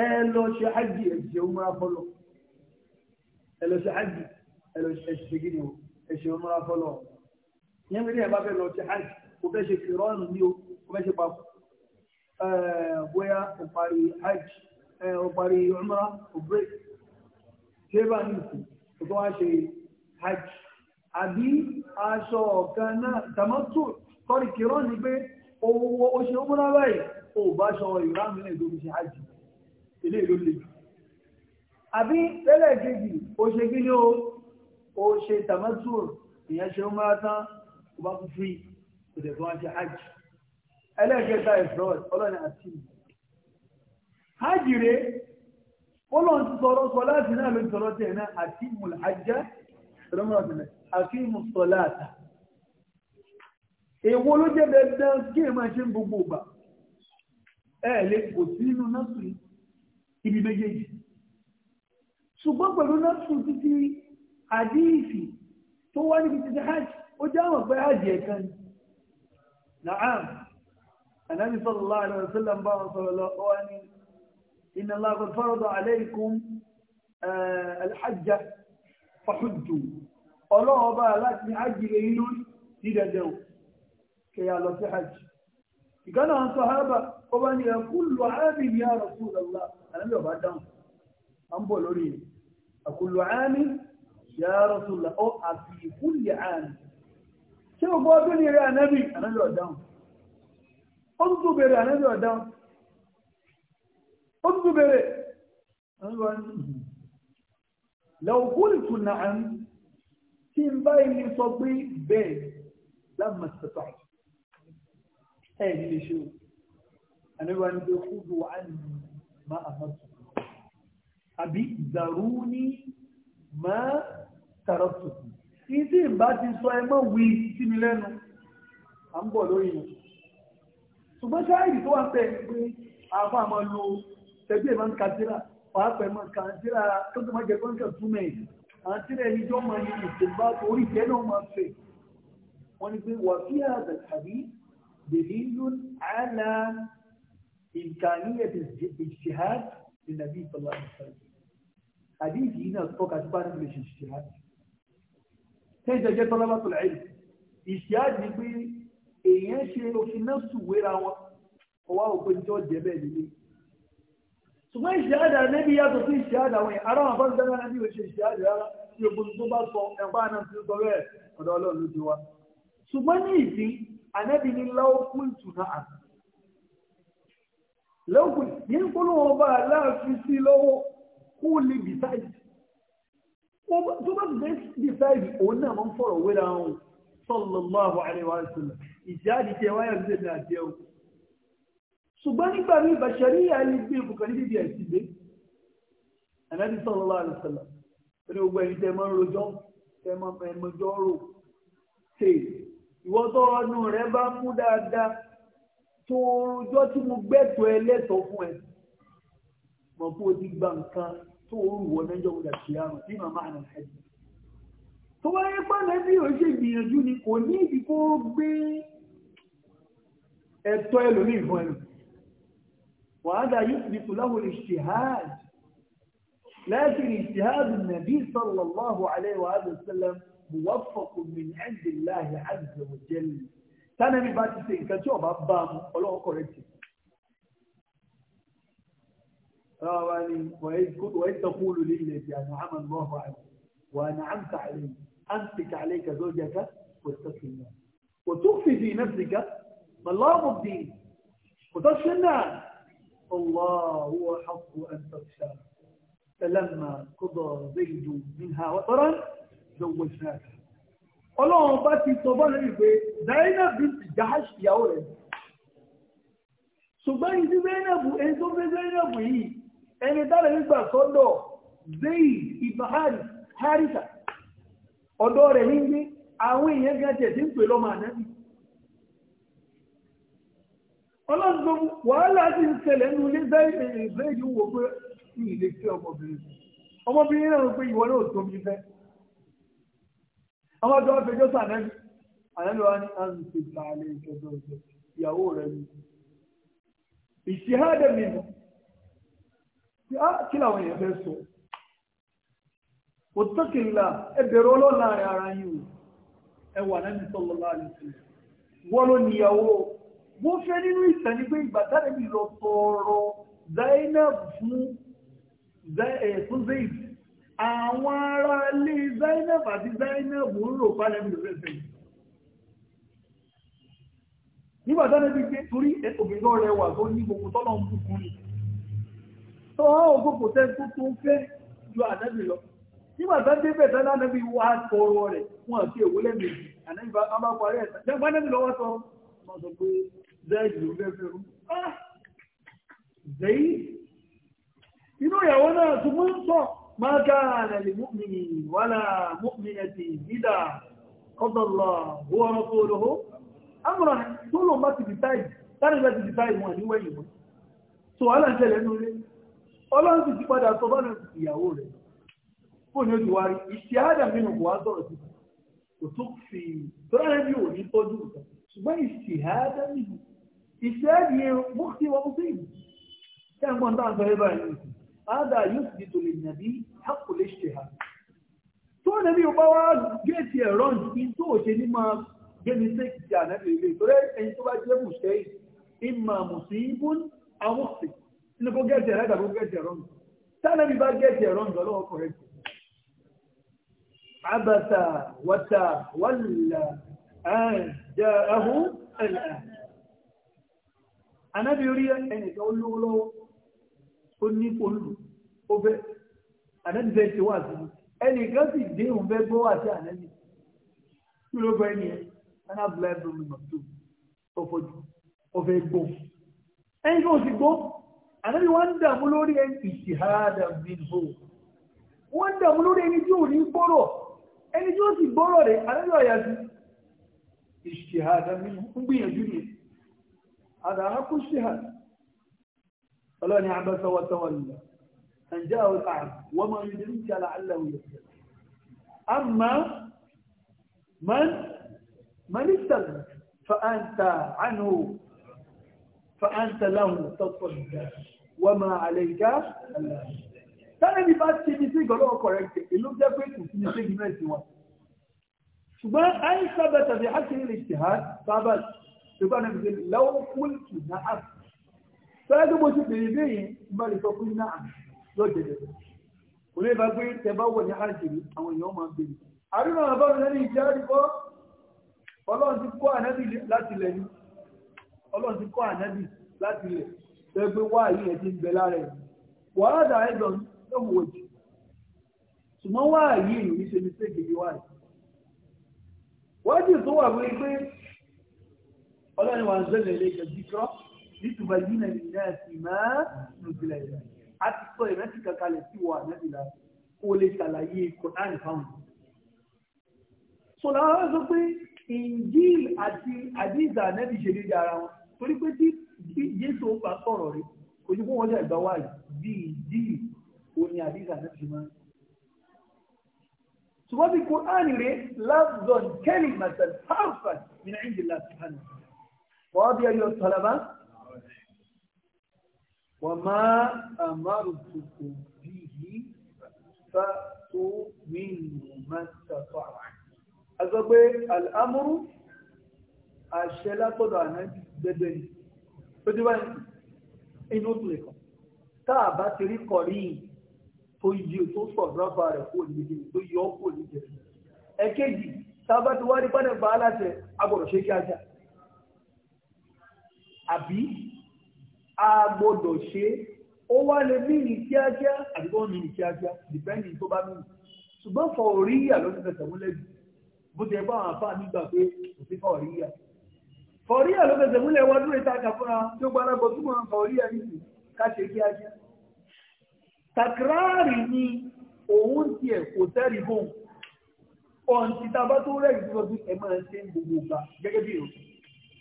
Speaker 1: ẹ lọ ṣe àjì ẹ̀jẹ̀ òmùra fọlọ́ ẹ lọ ṣe àjì ẹ lọ ṣe ẹ̀ṣẹ̀ gíní o ẹ̀ṣẹ̀ òmùra fọlọ́ yẹn mi ní ẹ̀ bá fẹ́ lọ ṣe àjì kò fẹ́ ṣe kìrọ́ọ̀nù ní o kò fẹ́ ṣe papọ̀ bóyá o parí hajj o parí umrah o break ṣé bá ní ìsìn o tó wá ṣe hajj àbí aṣọ ọ̀kan náà tàmọ́tò sọ́rí kìrọ́ ni pé owó oṣù múra báyìí ò bá ṣọ ìrámi náà tó fi ṣe hajj ilé ìlú lè jù àbí tẹ́lẹ̀ kejì ó ṣe kí ni ó ó ṣe tàmọ́tò ìyẹn ṣe múra tán ó bá tún fi ìdẹ̀ tó wá ṣe hajj ẹlẹ́ẹ̀kẹta ìfrọ́d ọlọ́ni àti hajj rèé ó lọ́n ti sọ̀rọ̀ sọ láti náà ló tẹ̀ náà àti mùlá jẹ́ lọ́mọ ọ̀sẹ̀lẹ̀ àkíìmù sọ̀lá àtà èwo ló jẹ́ dandan kí ẹ máa ṣe ń gbogbo ọba ẹ lè kò sí nínú násù ibi méjèèjì ṣùgbọ́n pẹ̀lú násù títí àdíìsì tó wá níbi títí hajj ó jẹ́ àwọn pé hajj ẹ̀kan ni na'am anabi sallallahu alaihi wasallam bá wọn sọ̀rọ̀ lọ ọ wá ní inna Allah qad farada alaykum eh, ọ̀hùjù ọlọ́wọ́ bá láti ájìlẹ̀ inú dídẹ̀dẹ̀ kẹyà lọ sí hajj ìgánà ń sọ hábà ó bá ní ẹkú lọ ámì ní àrọ̀kú lọ́lá àlẹ́bí ọba dáhùn à ń bọ̀ lórí rẹ̀ ẹkú lọ ámì yà àrọ̀kú lọ ó àfi ìkú lè ámì lẹ́wọ̀n kúlìtù náà tí ń bá ilé sọ pé bẹ́ẹ̀ lámà sọ̀tà ẹ̀ nílé ṣe o àníwá ní pé kúdù wà ní má àmọ́tò àbí ìdàrú ní má tàrọ́tò ìdí ìbá ti sọ ẹ mọ́ wí sí mi lẹ́nu à ń bọ̀ lórí yẹn ṣùgbọ́n ṣáà ìdí tó wà pẹ́ pé àáfàá máa lo ṣẹbí ẹ̀ máa ń ka síra wàá pẹ̀mọ́ kàn síra tó tó máa jẹ kọ́ńtà túmọ̀ ẹ̀ àwọn tí ẹni jọ máa ní ìṣèlbá orí ìfẹ́ náà máa fẹ̀ wọ́n ní pé wà fí àgbà tàbí dalilun ala imkaniyat al-ijtihad lin-nabi sallallahu alaihi wasallam hadith yìí náà tọ́ka sí báyìí lè ṣe ijtihad tẹ́ ìjẹ́jẹ́ talabatul ilm ijtihad ni pé èèyàn ṣe òfin náà sùwéra wọn ọwọ́ òpin tí ó bẹ́ẹ̀ nílé ṣùgbọ́n ìṣẹ́àdà níbi yàtọ̀ sí ìṣẹ́àdà wọn ará wọn fọ́n dáná níbi ìwé ṣe ìṣẹ́àdà rárá tí o gbogbo tó bá sọ ẹ̀fọ́ àná ti sọ bẹ́ẹ̀ ọ̀dọ̀ ọlọ́run ló ti wá. ṣùgbọ́n ní ìsín ànábì ní láwùkún ìtura àti. lẹ́wùkún ní polówó bá láàfin sí lọ́wọ́ kó lè decide. tó bá ti decide òun náà máa ń fọ̀rọ̀ wéra wọn sọ́ọ̀lọ́ ṣùgbọ́n nígbà ní ìbàṣẹ̀rí àìlè gbé ìbùkàn ní bíbí ẹ̀sìn gbé ẹ̀nàbí sallallahu alaihi wasallam ní gbogbo ẹ̀yìn tẹ́ mọ́ rojọ́ tẹ́ mọ́ ẹ̀mọ́jọ́ rò ṣe ìwọ́n tó ọdún rẹ bá mú dáadáa tó rojọ́ tí mo gbẹ́tọ̀ ẹ lẹ́tọ̀ fún ẹ mọ̀ fún odi gba nǹkan tó rù wọ lẹ́jọ́ wọlé àṣìyàrùn tí màmá àná ẹ̀ tó wá yẹ bí ó ṣe gbìyànjú ni kò ní ìdí gbé ẹ̀tọ́ ẹlòmíì fún ẹlòmíì وهذا يثبت له الاجتهاد لكن اجتهاد النبي صلى الله عليه وآله وسلم موفق من عند الله عز وجل كان من بعد سيئن كان شو بابا ألوه كوريتي رواني وإذ, وإذ تقول للذي أنعم الله عليه وأنعمت عليه أمسك عليك زوجك واتق الله وتخفي في نفسك ما الله مبدين وتخفي الناس الله هو حق أن تخشاه فلما قضى زيد منها وطرا زوجناها ọlọ́run bá ti sọ bọ́ọ̀lù rí pé Zainab binti Jahash ìyàwó rẹ̀ ṣùgbọ́n ìdí Zainab ẹni tó fẹ́ Zainab yìí ẹni dára nígbà sọ́dọ̀ Zaid ibahari harita ọ̀dọ́ rẹ̀ ní gbé àwọn èèyàn gẹ́gẹ́ tẹ̀ sí ń pè lọ́mọ ànábì ọlọ́dún wàhálà ti ń ṣẹlẹ̀ nínú ilé bẹ́ẹ̀ ìfẹ́ yìí wò pé ní ilé tí ọmọbìnrin ọmọbìnrin náà pé ìwọ náà tó mi fẹ́ ọmọdé wọn fẹjọ́ sọ ànẹ́bí ànẹ́bí ta ìyàwó rẹ ni mi nù ah, kí làwọn fẹ́ sọ òtọ́kìlá ẹ ọlọ́ọ̀lá rẹ ara yìí ẹ wà àlùfẹ́ wọ́n ló níyàwó wọ́n fẹ́ nínú ìtàn ní pé ìgbà tánàbí lọ tọrọ Zainab fún Zaid àwọn ará ilé Zainab àti Zainab ń rò pálẹ̀mì rẹ̀ nígbà tánàbí gbé torí obìnrin ọ̀rẹ́ wà tó ní gbogbo tọ́nà ń bùkún ni tó hàn ó gbogbo tẹ́ tó tó fẹ́ ju ànábì lọ nígbà tán débẹ̀ tán lánàbí wà tọrọ rẹ̀ fún àti èwúlẹ̀ méjì ànábì bá parí ẹ̀sán jẹ́ gbánàbì lọ́wọ́ sọ Zaid ló fẹ́ fẹ́ rú. Ah! Zaid inú ìyàwó náà tún mú ń sọ máa ká àlẹ́ mọ́mìnì wàlà mọ́mìnì ti dídà ọ̀dọ̀lọ̀ wọ́n tó lọ́wọ́. ti dìtáì, tárí bá ti So ti padà sọ ìyàwó rẹ̀. Ìṣẹ́ kò wá sọ̀rọ̀ sí kò tó fi tọ́jú Ṣùgbọ́n ìṣẹ́ ìṣẹ́ẹ̀dì mọ́kí wọ́n sí ẹgbọ́n tán sọ ẹbá ẹ̀yìn ádá yóò sì tó lè nàbí hapò lè ṣe ha tó nàbí ọba wá géètì ẹ̀rọ ní tó òṣè ní máa gẹ́ni sí ìjà nàbí ilé torí ẹni tó bá jẹ́ mùsẹ́ ìmà mùsí ibùn awọ́sì nínú kó gẹ́ẹ̀tì ẹ̀rọ ìdàgbó gẹ́ẹ̀tì ẹ̀rọ ní tánàbí bá gẹ́ẹ̀tì ẹ̀rọ ní ọlọ́wọ́ kọ̀rẹ́ عبس وتولى أن جاءه الآن anábì orí ẹnìkan olówó ó ní olù ó fẹ́ anábì fẹ́ ṣe wà sí ẹnìkan sì dé òun fẹ́ gbọ́ wà sí anábì kí ló fẹ́ yẹn anábì láì bọ́ mi màtó ó fọjú ó fẹ́ gbọ́ ẹni gbọ́ anábì wọ́n ń dààmú lórí ẹni wọ́n ń dààmú lórí ẹni tí ò ní gbọ́rọ̀ ẹni tí àdàhákú ṣíhà ọlọ́ni àbẹ́sọ wọ́tọ́wọ́lá ẹ̀jẹ́ àwọn àrùn wọ́n mọ̀ ní ìdírí ìjàlá aláwọ̀ yẹ̀ amma man manistan fa'anta anu fa'anta lahun tọ́pọ̀ wọ́n mọ̀ àlẹ́gá aláwọ̀ tẹ́lẹ̀ ní bá ti ní sí ìgọ́lọ́wọ́ kọ̀rẹ́kẹ̀ ìlú jẹ́ pé kò sí ní sí ìgbìmọ̀ ìsìn wa ṣùgbọ́n àìsàbẹ̀tàbí àkìrí lè ṣe ha sábàtì ṣùgbọ́n náà fi lọ́wọ́ kúlùtù náà sọ́yẹ́ tó bó ti bèèrè bèèrè bá lè sọ fún náà lọ́jẹ̀dẹ̀ kò lè bá gbé tẹ̀bá wọ̀ ní àjèrè àwọn èèyàn máa bèèrè àrínà àbáwọn lẹ́nu ìjẹ́ àríkọ́ ọlọ́run ti kọ́ ànábì láti lẹ̀ ní ọlọ́run ti kọ́ ànábì láti lẹ̀ tẹ́ wá yìí ẹ̀ ti ń bẹ lára ẹ̀ wàhálà dà ẹ̀dọ̀ ló ṣùgbọ́n wá yìí ìrìn ọlọ́run wà zẹ́lẹ̀ ilé ìjọ jíkọ́ nítorí yínà ìrìnà sí máa nùsílẹ̀ ìrìnà a ti sọ ìrántí kankalẹ̀ sí wọ ànábìlá kó lè ṣàlàyé kọ̀tán fáwọn. sọlá wọn sọ pé injil àti àdìsá ànábì ṣe déédéé ara wọn torí pé tí jésù ó bá sọ̀rọ̀ rẹ̀ kò kó wọ́n jà ìgbà wáyé bí injil òun ni àdìsá ànábì ṣe máa ń ṣùgbọ́n bí kọ̀tán rẹ̀ lábùdọ̀n kẹ́lì màtàlì وأبي أيها الطلبة وما أمرتكم به فأتوا منه ما استطعتم أقول الأمر àṣẹ látọ̀dọ̀ ànábì gbẹgbẹ́ ni tó dé wáyé inú tó lè kàn táà bá ti rí kọ̀rí tó yí tó sọ̀ rọ́bà rẹ̀ kó níbi tó yọ kó níbi ẹ̀kejì táà ti wá rí pẹ́ẹ́nẹ̀ bá aláṣẹ agbọ̀rọ̀ ṣe kí ajá àbí a gbọ́dọ̀ ṣe ó wá lè mí ní kíákíá àbí wọ́n mí ní kíákíá dìpẹ́ndì tó bá mí ṣùgbọ́n fọ òríyà ló ti fẹsẹ̀ múlẹ̀ jù bó ti ẹgbẹ́ àwọn àfáà nígbà pé kò sí fọ òríyà fọ òríyà ló fẹsẹ̀ múlẹ̀ wá dúró ìtajà fúnra tí ó gbára gbọ́ túmọ̀ fọ òríyà nìyí ká ṣe kíákíá takrari ni òun ti ẹ̀ kò tẹ́rì bóun ọ̀ǹtí tá a bá tó rẹ̀ ìdúró bí máa ṣe gbogbo gbà gẹ́gẹ́ bí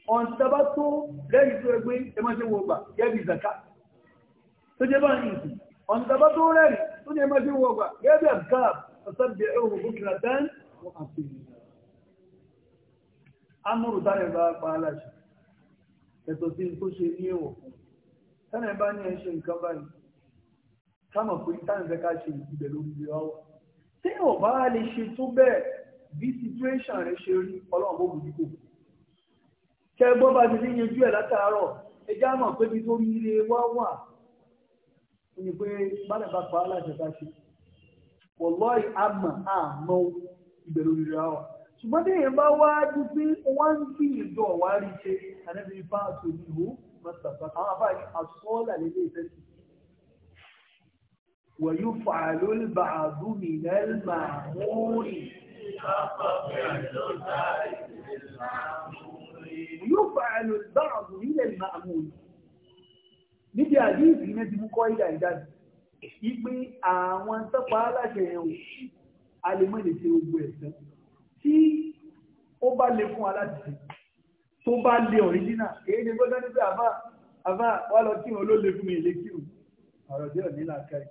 Speaker 1: ọ̀n tàbá tó lẹ́yìn tó ẹgbẹ́ ẹmọ́ṣẹ́ wọ gbà gẹ́bí zaka tó jẹ́ bá ní ìsì ọ̀n tàbá tó lẹ́yìn tó ní ẹmọ́ṣẹ́ wọ gbà gẹ́bí àgbà ọ̀sẹ́bẹ̀ ẹ̀hùn bókìlá dán wọ́n àti amúrù tánẹ̀ bá pa aláṣẹ ẹ̀tọ́ sí tó ṣe ní èèwọ̀ fún tánẹ̀ bá ní ẹṣẹ́ nǹkan báyìí kámọ̀ pé tánẹ̀ fẹ́ ká ṣe ìbẹ̀ lórí ilé ọwọ́ tí ò bá lè ṣe tó bẹ́ẹ̀ bí situation rẹ̀ ṣe rí ọlọ́run bó bùdíkò ṣe gbọ́ bá ti ní yanjú ẹ̀ látàárọ̀ ẹjá mọ̀ pé bí tó ríire wá wà ní pé bálẹ̀ bá pa aláṣẹ bá ṣe pọ̀lọ́ àmọ̀ àmọ́ ìbẹ̀rù ríra wà ṣùgbọ́n tí èèyàn bá wá dú pé wọ́n ń fi ìjọ rí ṣe ànábi bá aṣọ ìlú mọ́tàbá àwọn abáyé lè lè fẹ́ẹ́ wọ̀nyí fàálù bàdúmìnà يفعل البعض من المأمون níbi àdíìsì iná ti mú kọ́ ìdà ìdájì ìpín àwọn tọ́pọ̀ aláṣẹ ẹ̀hùn alèmọ́ lè ṣe ogun ẹ̀sán tí ó bá lè fún aláṣẹ tó bá lè ọ̀ríjínà èyí ni gbọ́dọ̀ níbi àbá àbá wà lọ tí wọn ló lè fún mi lè kí òun ọ̀rọ̀ díẹ̀ nílà káyì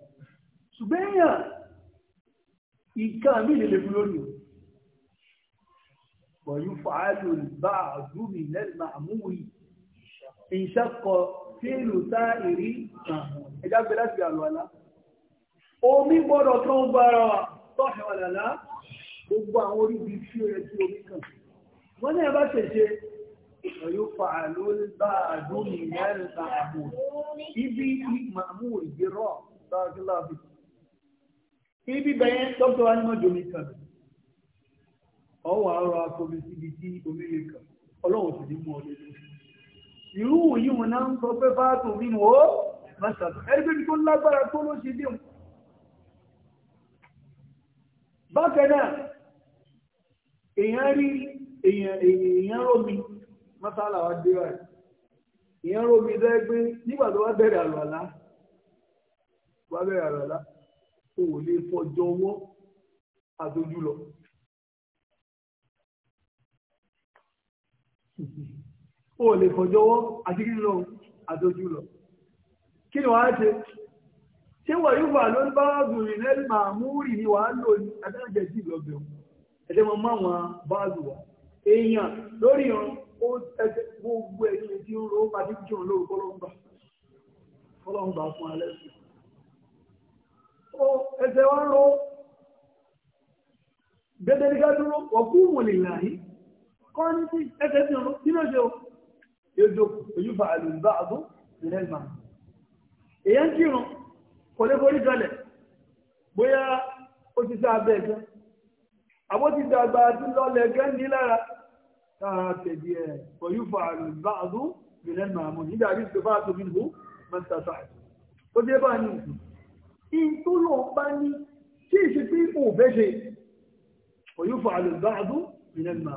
Speaker 1: ṣùgbẹ́yàn ìkan mi lè lè fún lónìí ويفعل البعض من المعمول انشق فعل سائر اذا بلاش قال ولا omi gbọ́dọ̀ tó ń gbára wa tọ́ṣẹ̀ wà lálá gbogbo àwọn oríbi tí ó yẹ tí omi kàn wọ́n náà bá ṣẹ̀ṣẹ̀ ọ̀yọ́ fa àlóbá àdúmì mẹ́rin ta àmú ibi ìmàmú ìgbérọ̀ sáàkíláàbì ibi bẹ̀yẹn tọ́jọ́ wa ní mọ́jọ́ mi kàn ọwọ́ àárọ̀ akọmi síbi tí omi lè kàn ọlọ́run sì ní mú ọdún lórí irú òyí wọn náà ń sọ pé bá tó nínú ó mọ́sàtọ̀ ẹgbẹ́bí tó lágbára tó ló ṣe dé bákan náà èèyàn rí èèyàn rómi mọ́sálà wa dé wáyé èèyàn rómi lẹ́gbẹ́ nígbà tó wá bẹ̀rẹ̀ àlọ́lá wá o ò lè fọjọ́ ọwọ́ lọ ó lè fọjọ́wọ́ àdírílọ àdójú lọ kí ni wàá ṣe ṣé wà yóò wà lórí báàgù rìn lẹ́nu máa mú rìn ní wàá lò ní adájẹ́ jì lọ́bẹ̀ ẹ̀jẹ̀ mọ́ máa wọn wa èèyàn lórí ìran ó ẹgbẹ́ gbogbo ẹ̀yìn tí ó fún alẹ́ ó ẹsẹ̀ dúró kọ́ ní sí ẹsẹ̀ tí wọn kí ló ṣe o yóò jókòó ojú fa àlùbá àbó ìrẹ́ ìmọ̀ èèyàn kírun kò lè forí kalẹ̀ bóyá ó ti sá abẹ́ ẹ̀gẹ́ àbó ti dàgbà àti lọ́lẹ̀ ẹ̀gẹ́ ní lára káà tẹ̀dí ẹ̀ ojú fa àlùbá àbó ìrẹ́ ìmọ̀ àmọ́ nígbà tí ìṣòfà àtòkí mẹ́ta sáà ó dé bá ní ìsìn ìtòlò bá ní kí ìṣe pé òun ṣe òyúfà àlùbá àbó ìrẹ́ ìmọ̀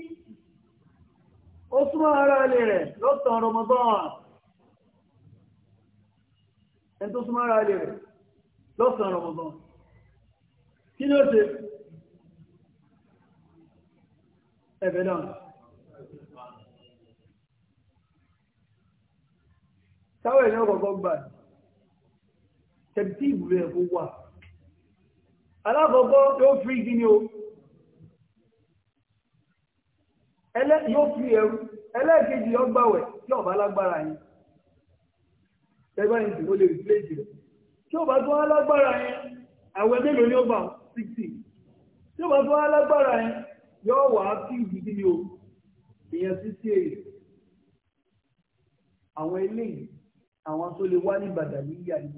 Speaker 1: ó súnmọ́ ara ilé rẹ̀ lọ́sàn Ramadan ẹni tó súnmọ́ ara ilé rẹ̀ lọ́sàn Ramadan kí ni ó ṣe ẹ̀bẹ̀ náà táwọn èèyàn kọ̀ọ̀kan gbà tẹ̀bítì ìbúrẹ̀ ẹ̀kọ́ wà alákọ̀ọ́kọ́ yóò fi gíní o yóò fi ẹrú ẹlẹ́ẹ̀kejì yóò gbàwẹ̀ tí ọba lágbára yẹn ẹgbẹ́ yẹn tí ó lè rí pléèjì rẹ̀ tí ọba tó wá lágbára yẹn àwẹ̀ mélòó ni ó gbà sixty tí ọba tó wá lágbára yẹn yóò wà á kí ìdíjí ni o ìyẹn sixty eight àwọn eléyìí àwọn tó lè wá ní Ìbàdàn yíyá ni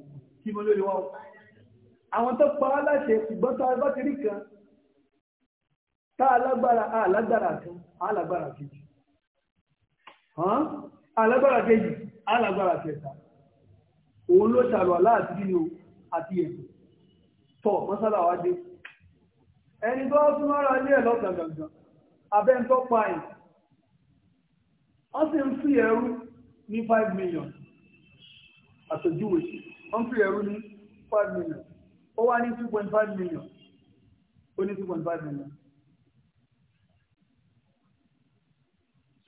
Speaker 1: kí mo lè wá o àwọn tó pa á láṣẹ ṣùgbọ́n tá a kan tá alágbára alágbára kan alágbára kejì alágbára kejì alágbára kẹta òun ló ṣàlọ̀ láti nínú àti ẹ̀kọ́ tọ̀ mọ́sálà wá dé ẹni tó tún mára ilé ẹ̀ lọ́sàn gangan abẹ́ ń tọ́ pa ẹ̀ wọ́n sì ń fi ẹrú ní five million àtòjúwe wọ́n fi ẹrú ní five million ó wá ní two point five million ó ní two point five million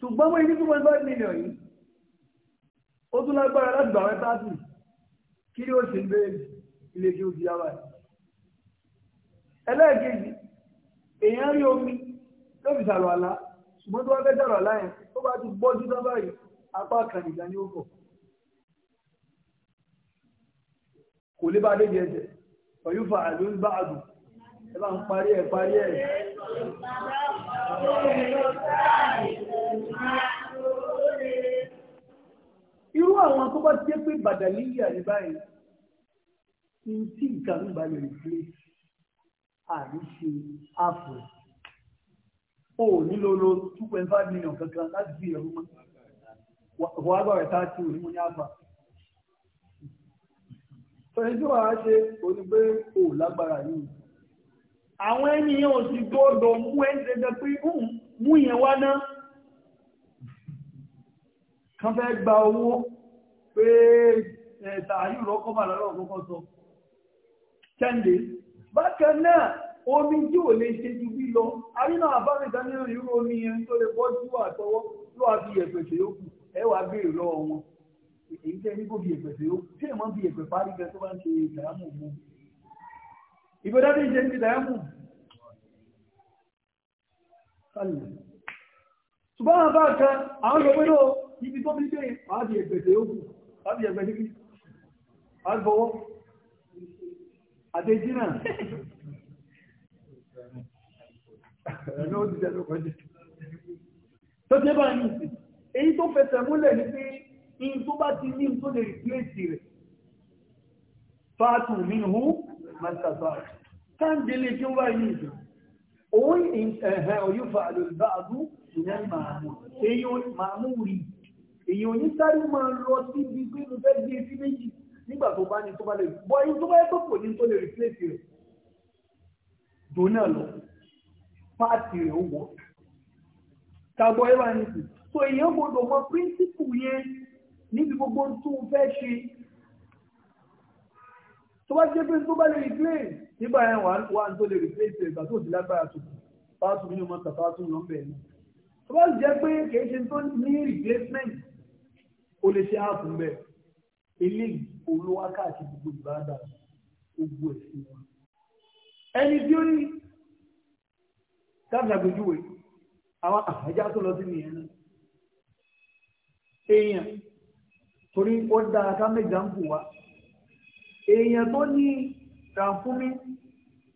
Speaker 1: ṣùgbọ́n wọ́n ní two point five million yìí ó tún lágbára láti gbà wẹ́ tààtì kí ni ó ṣe ń bẹ́ẹ̀ ilé kí ó di yàrá ẹ̀. ẹlẹ́ẹ̀kejì èèyàn rí omi ló fi ṣàlọ́ àlá ṣùgbọ́n tó wá fẹ́ ṣàlọ́ àlá yẹn tó bá ti gbọ́ sí sábà yìí apá kan ìjà ni ó bọ̀. kò lè bá dé di ẹsẹ̀ ọ̀yún fa àlọ́ ń bá àdùn ẹ bá ń parí ẹ̀ parí ẹ̀ irú àwọn tó bá jẹ́ pé bàdàlíyà ní báyìí ní tí nǹkan ń balẹ̀ ìdílé àríṣe àpò ò nílò lo two point five million kankan láti fi ẹ̀rú mọ́ wọ́n agbára ẹ̀ka tí ò ní mú ní àgbà tọ́jú tí wàá ṣe òní pé ò lágbára yìí àwọn ènìyàn ò sì gbọ́dọ̀ mú ẹ̀ ń ṣe jẹ pé mú yẹn wá náà kan fẹ́ gba owó pé tààrí lọ́kọ́ bà lọ́rọ̀ kọ́kọ́ sọ kẹ́ndé bákan náà omi tí ò lè ṣe ju bí lọ arínà àbáríta nínú irú omi yẹn tó lè bọ́ sí àtọwọ́ ló wà fi ẹ̀pẹ̀sẹ̀ yókù ẹ wàá béèrè lọ́wọ́ wọn èyí tẹ́ ní kò fi ẹ̀pẹ̀sẹ̀ yókù tí èèmọ́ fi ẹ̀pẹ̀ parí gan tó bá ń ṣe ìdààmú mú ìgbọ́dá bí ṣe ń fi ìdààmú ṣùgbọ́n àbá kan àwọn ìgbẹ́ náà ibi tó bí dé àádì ẹ̀gbẹ̀dẹ̀ ogun àádì ẹ̀gbẹ̀dẹ̀ bí àgbọ̀wọ́ àdéjìnà ẹ̀nà ó ti jẹ́ lókọ́ jẹ́ tó jẹ́ bá ní sí èyí tó fẹsẹ̀ múlẹ̀ ní pé in tó bá ti ní tó lè rìpléèsì rẹ̀ fàátù nínú mọ́sàbá káńdélé kí ó wá ní ìyẹn màmú èyí màmú rí èyí òní sáré máa lọ síbi pé mo fẹ́ gbé sí méjì nígbà tó bá ní tó bá lè bọ́ ẹni tó bá yẹ pé ní tó lè replace rẹ̀ dùn náà lọ páàtì rẹ̀ ó wọ̀ tàbọ̀ ẹ̀rọ àníkù so èèyàn gbọdọ̀ mọ píríncípù yẹn níbi gbogbo tó fẹ́ ṣe tó bá jẹ́ pé tó bá lè replace nígbà yẹn wà ní tó lè replace rẹ̀ gbàtó òdì lágbára tó páàtì nínú mọ́tà páàtì ó lè ṣe áàpù ń bẹ̀ eléyìí olówákàtí gbogbo ìbáradà gbogbo ẹ̀sìn wọn. ẹni tí ó ní tábìlì àgbèjúwe àwọn àjá tó lọ sí nìyẹn náà èèyàn torí ó dára ká mẹ́jà ń bù wá èèyàn tó ní ràǹfúnmi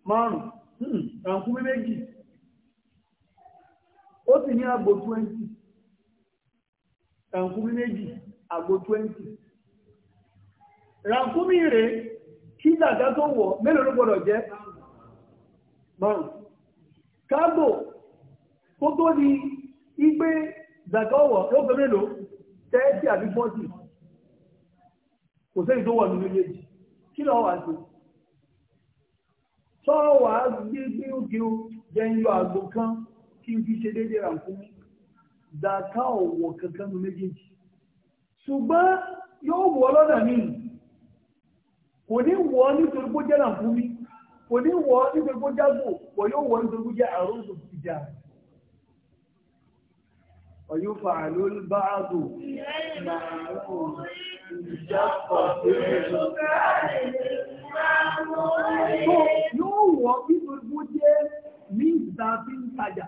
Speaker 1: márùn hmm, ràǹfúnmi méjì ó sì ní àgbò twenty ràǹfúnmi méjì. àgbo twenty ràǹkúmí rè kí dàda tó wọ̀ mélòó ló jẹ́ márùn kágbò kó tó di igbe dàda ọwọ̀ yóò fẹ́ mélòó àbí fọ́tì kò sẹ́yìn tó wà nínú méjèèjì kí lọ́wọ́ wá sí kankan nínú méjèèjì ṣùgbọ́n yóò wọ́ lọ́nà míì kò ní wọ́ nítorí kó jẹ́ làǹfùmí kò ní wọ́ nítorí kó jẹ́ àgbò kò yóò wọ́ nítorí kó jẹ́ àrùn tó ti jà ọ̀yọ́ fàálù bá àgbò yóò wọ́ nítorí kó jẹ́ means that ń tajà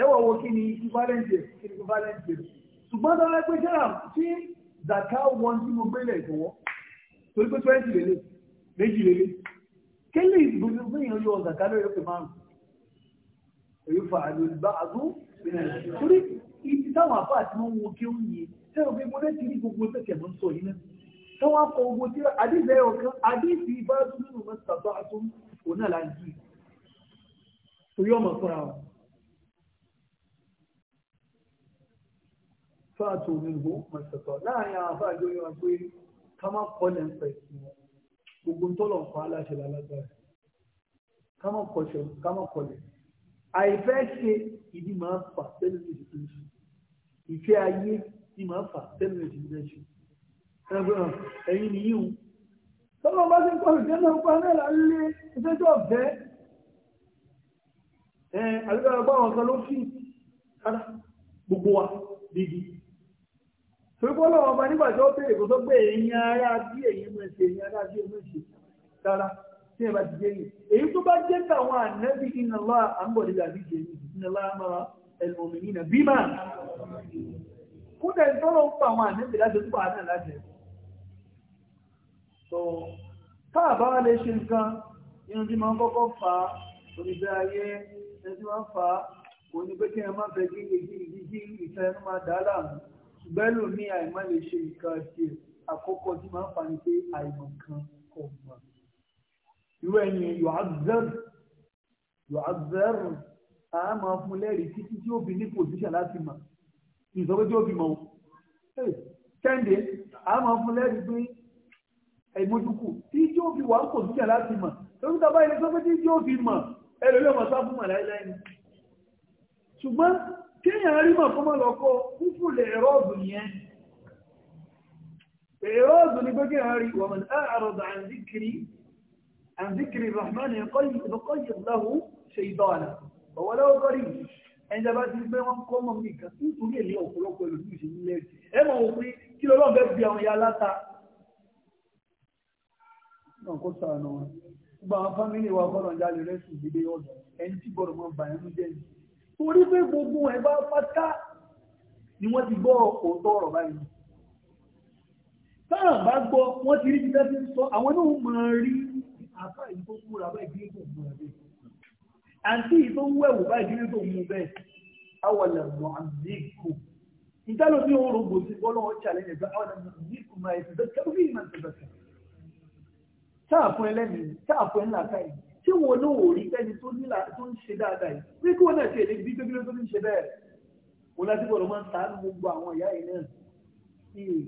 Speaker 1: ẹwọ̀ wo kí ni equivalent kí ni equivalent ṣùgbọ́n tó lẹ́gbẹ́ jẹ́rà tí zaka wọn tí mo gbélé ìfọwọ́ torí pé twenty lélẹ̀ méjì lélẹ̀ kéle ìgbìmọ̀ fún èèyàn yọ zaka lórí ọ̀pẹ̀ márùn èyí fa àlòlùbá àdún torí ibi táwọn àbá àti wọn wo kí ó ń yé tẹ́ òfin mo lẹ́tí ní gbogbo tẹ̀kẹ̀ mọ́ sọ yìí náà tó wá kọ ogun tí àdífẹ́ ọ̀kan àdífì bá dúró nínú mọ́ta bá a tún òun náà láǹkì torí ọmọ fúnra wọn fáàtò onígbò mọ̀sẹ̀tọ̀ láàrin àwọn afá àjọ yóò pé ká má kọ́lẹ̀ ń pẹ̀ sí wọn gbogbo ń tọ́lọ̀ pa aláṣẹ lálágbára ká má kọ́ṣẹ́ ká má kọ́lẹ̀ àìfẹ́ ṣe ìdí máa fà tẹ́lẹ̀ ní ìdí tó ń ṣe ìfẹ́ ayé ìdí máa fà tẹ́lẹ̀ ní ìdí tó ń ṣe ẹgbẹ́ ẹ̀yìn nìyí o tọ́lọ̀ bá ti ń kọ́ ìjẹ́ náà pa náà lálé ìfẹ́ tó ọ̀fẹ́ ẹ̀ àlùkò àgbà wọn kan ló fi gbogbo wa dídí pípọ́ lọ́wọ́ ọba nígbà tí ó bèèrè kó tó gbé èyí ara bí èyí mọ̀ ṣe èyí ara bí èyí ṣe rárá tí ẹ bá ti jẹ́yìn èyí tó bá jẹ́ tàwọn ànábì iná lọ́ àmbọ̀dé làbí jẹ́yìn iná lọ́ àmọ́ra ẹlòmí iná bí máa kódà ìtọ́lọ́ ń pa àwọn ànábì láti tó bá láti so tá a bá lè ṣe nǹkan inú tí máa ń kọ́kọ́ fà á oníbẹ̀ ayé ẹni tí máa ń fà á kò ní pé kí ẹ má fẹ́ kí ìfẹ́ máa dá láàmú ṣùgbọ́n lò ní àìmọ́ lè ṣe nǹkan ṣe àkọ́kọ́ tí máa ń fa ni pé àìmọ̀ kan kò mọ̀. irú ẹni yọ̀ázẹ́rù yọ̀ázẹ́rù a máa fún lẹ́rìí títí tí ó fi ní pòsíṣàn láti mọ̀ ìsọ pé tí ó fi mọ̀ o. kẹ́ńdé a máa fún lẹ́rìí pé ẹ̀mọ́júkù tí tí ó fi wà ń pòsíṣàn láti mọ̀ lórí tábà ilé sọ pé tí tí ó fi mọ̀ ẹ̀rọ yóò mọ̀ sá fún mọ̀ láíláí ni. ṣùgbọ́n kéèyàn rí mọ̀ fún mọ́lọ́kọ́ kúfù lè rọ́ọ̀dù yẹn rọ́ọ̀dù ní pé kéèyàn rí wọ́n mọ̀ àrọ̀dà àǹzíkiri àǹzíkiri rahman ìkọyìn lọ́hù ṣe ìdọ́ọ̀nà ọ̀wọ́ lọ́wọ́ kọ́rí ẹni jábá ti gbé wọn kọ́ mọ́ nìkan nítorí èlé ọ̀pọ̀lọpọ̀ ìlú ìṣe nílẹ̀ ẹ mọ̀ wò pé kí lọ́lọ́ fẹ́ bí àwọn ya láta náà kó torí pé gbogbo ẹ̀ bá pátá ni wọ́n ti gbọ́ òótọ́ ọ̀rọ̀ báyìí táà bá gbọ́ wọ́n ti rí ti dá sí sọ àwọn náà máa rí àbá yìí tó múra bá ìdílé tó múra bẹ́ẹ̀ àǹtí yìí tó wẹ̀wù bá ìdílé tó mú bẹ́ẹ̀ awọlẹ̀ mọ̀ àmìlẹ́kù ìtàlọ́ bí wọ́n rògbò sí bọ́lá wọn ṣàlẹ́ ẹ̀gbẹ́ awọlẹ̀ mọ̀ àmìlẹ́kù máa ẹ̀sìn tó ṣé wọn náà ò rí ẹni tó nílà tó ń ṣe dáadáa yìí pé kí wọn náà ṣe èlé bí gbégbé tó ń ṣe bẹ́ẹ̀ wọn láti gbọ́dọ̀ máa ń ta ní gbogbo àwọn ìyá yìí náà ee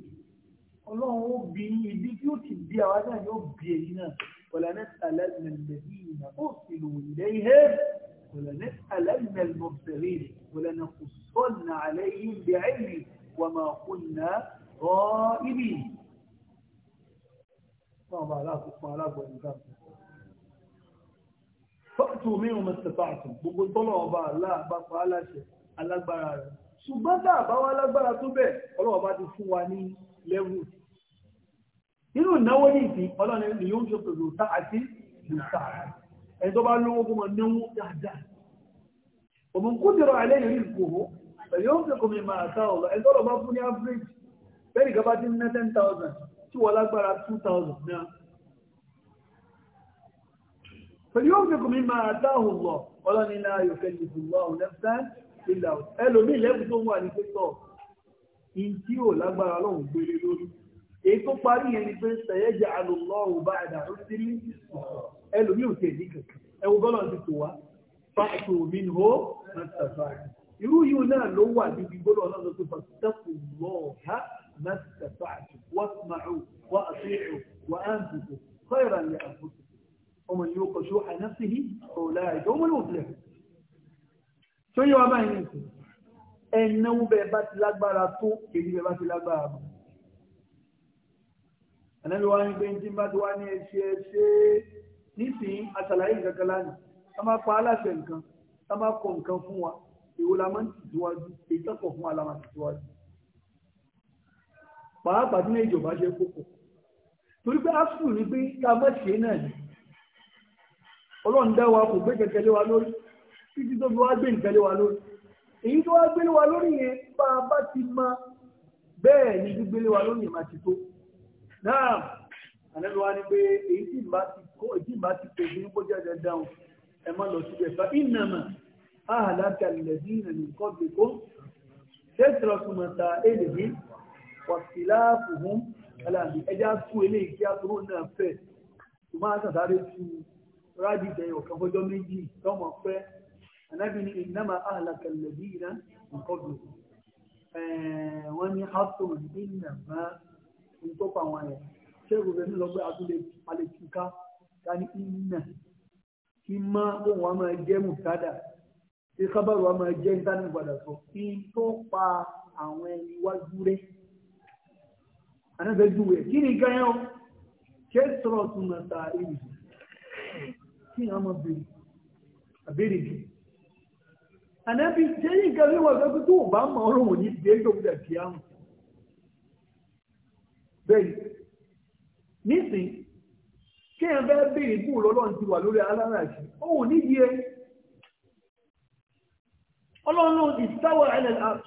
Speaker 1: ọlọ́run ó bí ibi tí ó ti bí àwa náà yóò bí èyí náà wọlé ní alẹ́mẹ̀ lẹ́bí ìnà ó sì lò ilé ihe wọlé ní alẹ́mẹ̀ lọ́bẹ̀rẹ̀ wọlé fọ́ọ̀tù mírùn mẹ́sẹ̀fàtù gbogbo tọ́lọ̀ ọba aláàbápa aláṣẹ alágbára rẹ̀ ṣùgbọ́n tá àbáwá alágbára tó bẹ̀ ọlọ́wọ́ bá ti fún wa ní lẹ́wù nínú ìnáwó ní ìdí ọlọ́ni ni yóò ṣe pẹ̀lú tá àti ìta ẹni tó bá lówó kó mọ náwó dáadáa òun kú dìrọ̀ alẹ́ yìí kòó pẹ̀lú yóò ṣe kò mí máa ta ọ̀lọ́ ẹni tọ́lọ̀ bá fún ní average bẹ́ẹ̀ فلينفق مما آتاه الله ولا لا يكلف الله نفسا إلا وسعها ẹlòmíì lẹ́bùn tó wà ní pẹ́tọ̀ in tí ò lágbára lọ́hùn gbére lórí èyí tó parí yẹn ni pé sẹ̀yẹ́jà alùlọ́hùn bá ẹ̀dà ó sí rí ẹlòmíì ò tẹ̀ ní kankan ẹwọ bọ́lá ti tò wá fáàtò mi ní ó mẹ́tàfà irú yìí náà ló wà níbi gbọ́dọ̀ náà lọ́sọ̀ fàtàkù lọ́ọ̀ha mẹ́tàfà wọ́n máa wọ́n àfihàn wọ́n á ń dùkọ̀ kọ́ ìrànlẹ̀ àfọ́sọ̀ ومن يوق شوح نفسه فأولئك هم المفلحون tó yẹ wa báyìí nìkan ẹnáwó bẹ́ẹ̀ bá ti lágbára tó èyí bẹ́ẹ̀ bá ti lágbára bọ ànábi wa ní pé ní tí bá ti wá ní ẹṣẹ ẹṣẹ nísìnyí àṣàlàyé nǹkan kan lánàá ká máa pa aláṣẹ nǹkan ká máa kọ nǹkan fún wa èwo la máa ń tìtìwájú èyí tó kọ fún wa la máa tìtìwájú pàápàá tí ní ìjọba ṣe kókò torí pé asùn ni pé ká má ṣe náà ni ọlọ́run dá wa kò gbé kẹ̀kẹ́ lé wa lórí títí tó fi wá gbé nǹkan lé wa lórí èyí tó wá gbé lé wa lórí yẹn bá a bá ti ma bẹ́ẹ̀ ni gbígbé lé wa lórí yẹn máa ti tó ni pé èyí tí ìbá ti kó èyí fún kó jáde dáhùn ẹ má lọ síbẹ̀ fa ìnàmà àhàlàkà lẹ́bí ìrìnà nǹkan tó náà sàtàrí fún rádìí ìdẹ̀yọ̀ kan fọjọ́ méjì tọ́mọ̀ pẹ́ ànábì ní ìnáma àlàkàlẹ̀bí iná nǹkan dùn wọ́n ní hapton ìnàmá ń tọ́pọ̀ àwọn ẹ̀ ṣẹ́gun rẹ̀ ní lọ́gbẹ́ àtúndé alẹ́túká ká ní ìnà kí má bóun wa máa jẹ́ mùtádà kí kábàrò wa máa jẹ́ ìtàní padà sọ kí tó pa àwọn ẹni wájú rẹ̀ ànábẹ́jú rẹ̀ kí ni gáyàn kí ẹ sọ̀rọ̀ tún náà ìlú kí a mọ béèrè àbèrè jù ànábì jẹ́yìn nǹkan wíwọ̀ ìgbàgbé tó ò bá mọ ọ̀rọ̀ wò ní ìdílé tó gbúdà kí áhùn bẹ́ẹ̀ nísìn kí èèyàn fẹ́ béèrè bù lọ́lọ́run ti wà lórí aláràṣì ó wò nídìí ẹ ọlọ́run ìsáwọ̀ llh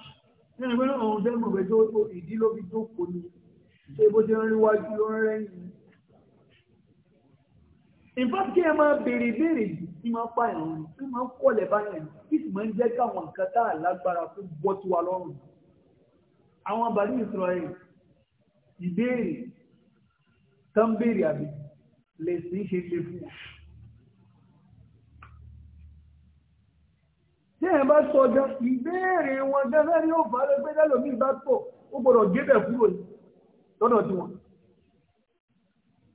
Speaker 1: nínú ìgbẹ́ náà ọ̀hún fẹ́ mọ̀ pé tó ìdí ló tó kò ní ṣe bó ṣe ń rí wájú ló ìfọ́n kí ẹ máa béèrè béèrè tí máa pa ẹ̀rọ ni tí máa ń kọ́lẹ̀ báyẹn tí sì máa ń jẹ́ káwọn nǹkan tá a lágbára fún bọ́ tí wa lọ́rùn. àwọn abàlí Ísírẹ́lì ìbéèrè tó ń béèrè àbí lè sí ṣe ṣe fún wọn. tí ẹ bá sọ ọjọ́ ìbéèrè wọn gẹ́gẹ́ ni ó bá lọ gbé dálómi bá pọ̀ ó gbọ́dọ̀ gbé kúrò lọ́dọ̀ tiwọn.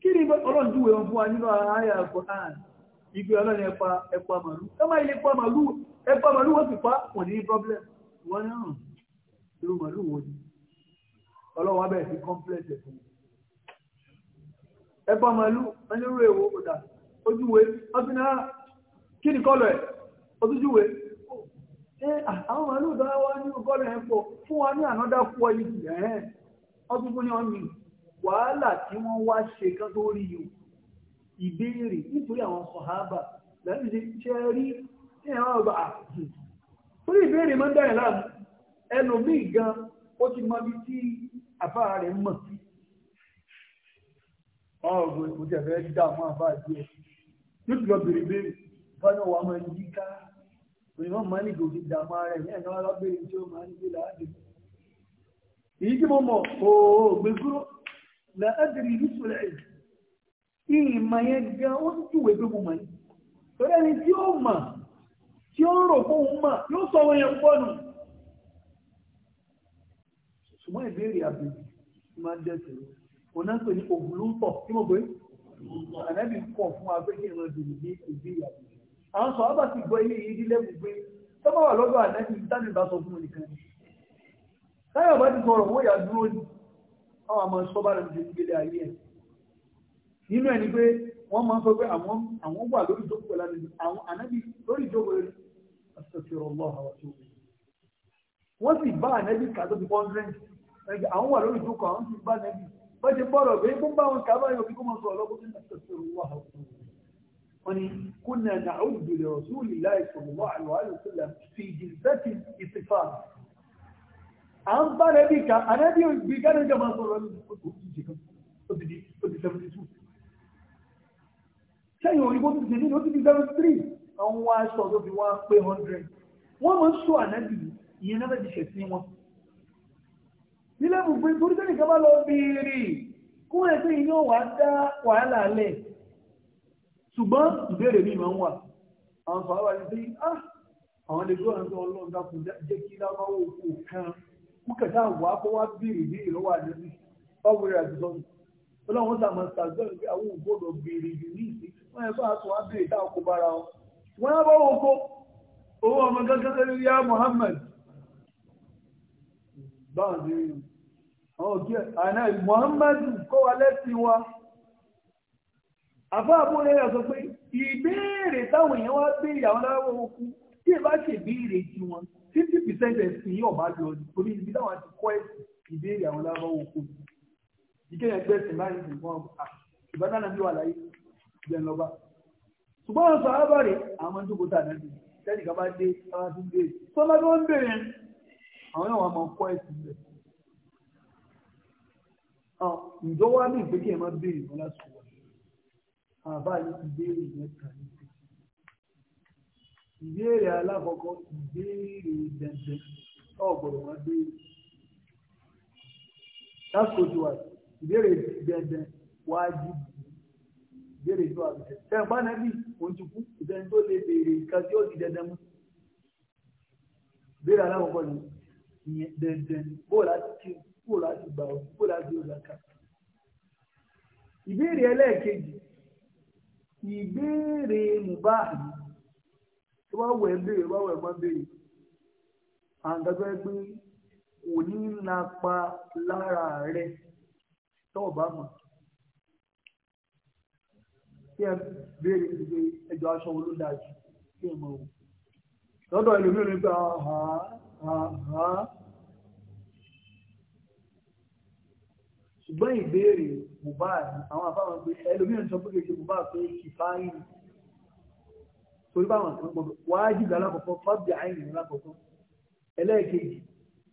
Speaker 1: kiri ni ọlọ́run júwe wọn fún wa nínú àyà al ìgbé ọlọ́run ẹpa ẹpa màlúù ẹ máa ilé pa màlúù ẹpa màlúù wọ́n sì pa wọ́n ní problem ní irú màlúù ni ọlọ́run wa bẹ̀rẹ̀ sí complex ẹ̀ fún mi ẹpa màlúù ní ọ̀dà ojúwe náà kí ni ojúwe àwọn màlúù fún wa ní ànádà fún ọ wàhálà tí wọ́n wá ṣe kán tó rí yìí ìbéèrè nítorí àwọn sọ̀hábà láti ṣe ṣe rí ní àwọn ọgbà àtúntò torí ìbéèrè máa ń dáyà láàmú ẹlòmíì gan ó ti mọ bí tí àbá rẹ̀ mọ̀ ọ̀gbọ̀n kò tẹ̀ fẹ́ dààmú àbá díẹ̀ yóò ti lọ bèrè bèrè báyọ̀ wà máa ń yí ká òyìnbó máa ní gòkè dààmú ara ẹ̀ ní ẹ̀ka alábẹ́rẹ́ tí ó máa ń gbé láàdì èyí tí mo mọ̀ òògbé kúrò la adìrí yusuf ẹ̀yìn ìmọ̀ yẹn gan ó sì wé pé mo mọ̀ yìí torí ẹni tí ó mọ̀ tí ó rò fóun mọ̀ yóò sọ wọn yẹn pọ̀ nù ṣùgbọ́n ìbéèrè àbẹ̀bí máa ń dẹ́sẹ̀ rẹ̀ òun náà pè ní òbúlúntọ̀ tí mo gbé ànábì kọ̀ fún wa pé kí ìran dèrè ní ìbéèrè àbẹ̀bí àwọn sọ wọn bá ti gbọ́ ilé yìí dílé gbogbo tó bá wà lọ́dọ̀ ànábì ìtàn ìbá sọ fún mi nìkan táyọ̀ bá ti sọ̀rọ̀ owó ìyá dúró ni àwọn ọmọ sọ́bà rẹ̀ ti gbélé ayé ẹ̀ nínú ẹni pé wọ́n máa ń sọ pé àwọn àwọn wà lórí ìjókòó pẹ̀lú àdébí àwọn ànábì lórí ìjókòó rẹ̀ àṣàfihàn ọlọ́run àwọn tó wù wọ́n sì bá ànábì kàtó ti pọ́ńdrẹ́ǹtì ẹgbẹ́ àwọn wà lórí ìjókòó àwọn sì bá ànábì wọ́n ti bọ́rọ̀ pé kó bá wọn kàbá yóò fi kó máa sọ ọlọ́gbọ́n à ń bá rẹ̀ bí ká ànábì òbí ká lóúnjẹ máa sọ̀rọ̀ ní oṣù òjì kan ó ti di ó ti seventy two sẹ́yìn òyìnbó ti ṣe nínú ó ti di seventy three àwọn wá aṣọ tó fi wá pé hundred wọ́n máa ń sọ ànábì ìyẹn náà ti ṣẹ̀ sí wọn nílẹ̀ gbogbo torí sẹ́yìn kan bá lọ bèèrè kó ẹ̀ pé ìyẹn wà á dá wàhálà lẹ̀ ṣùgbọ́n ìbéèrè mi máa ń wà àwọn sọ̀rọ̀ wà ní sí ah àwọn lè gbọ́ àwọn ọlọ́run dákun jẹ́ kí lábáwò kò kan kúkẹ̀tà wà kó wá bìrì ní ìlọ́wọ́ àdébí báwo rẹ̀ àti sọ́nù ọlọ́run sàmà sàgbẹ́rù pé àwọn ògbódò bìrì jù ní ìsìn wọ́n yẹ fún àtọ̀ wá bìrì táwọn kó bára wọn. wọ́n yá bọ́ wọn kó owó ọmọ gángan lórí yá Muhammad báwọn ti rí àwọn òkè àná Muhammad kó wa lẹ́sìn wa àfọ àbúrò yẹn sọ pé ìbéèrè táwọn èèyàn wá bìrì àwọn aláwọ̀ òkú ìbá ṣe bí ìrètí wọn fifty percent ẹ̀sìn yóò bá lọ torí ibi táwọn ti kọ́ ẹ̀sìn ìbéèrè àwọn lábáwò kù ìkéyàn ẹgbẹ́ ẹ̀sìn báyìí ti wọ́n ìbádàn náà bí wà láyé ìbẹ̀rẹ̀ lọ́ba ṣùgbọ́n àwọn sọ̀rọ̀ àbárè àwọn ẹni tó kó tà náà ti tẹ́lẹ̀ ká bá dé ara tó ń béèrè sọ́lá tó ń béèrè àwọn náà wà máa kọ́ ẹ̀sìn rẹ̀ ǹjọ́ wá ní ìpínlẹ̀ máa béèrè wọn lásìkò àbáyé ìbéèrè yẹn kàn ìbéèrè alákọ̀ọ́kọ́ ìbéèrè dẹ̀dẹ̀ ọ̀gbọ̀rọ̀ wọn béèrè ṣáṣojú wa ìbéèrè dẹ̀dẹ̀ wájú ìbéèrè tó àbẹ̀tẹ̀ tẹ̀gbọ́n nẹ́bí òǹtukú ìbẹ̀rẹ̀ tó lè béèrè ìka tí ó di dẹ̀dẹ̀ mú ìbéèrè alákọ̀ọ́kọ́ ni ìyẹn dẹ̀dẹ̀ bó láti bó láti gbà ó bó láti ó zaka ìbéèrè ẹlẹ́ẹ̀kejì ìbéèrè mùbáàmù tó bá wẹ̀ lé bá wẹ̀ má dé yìí àǹdàgbẹ́ pé kò ní lápa lára rẹ tó o bá mọ̀ kí ẹ béèrè ìgbé ẹjọ́ aṣọ wo ló dáa jù kí ẹ mọ̀ o lọ́dọ̀ ẹlòmíràn gba ah, àhàhà ṣùgbọ́n ìbéèrè bùbá àwọn àbáwọn pé ẹlòmíràn sọ pé kì ṣe bùbá pé kì í torí báwọn kan gbọdọ̀ wájú gbà lákọ̀ọ́kọ́ fábí àìní lákọ̀ọ́kọ́ ẹlẹ́ẹ̀kejì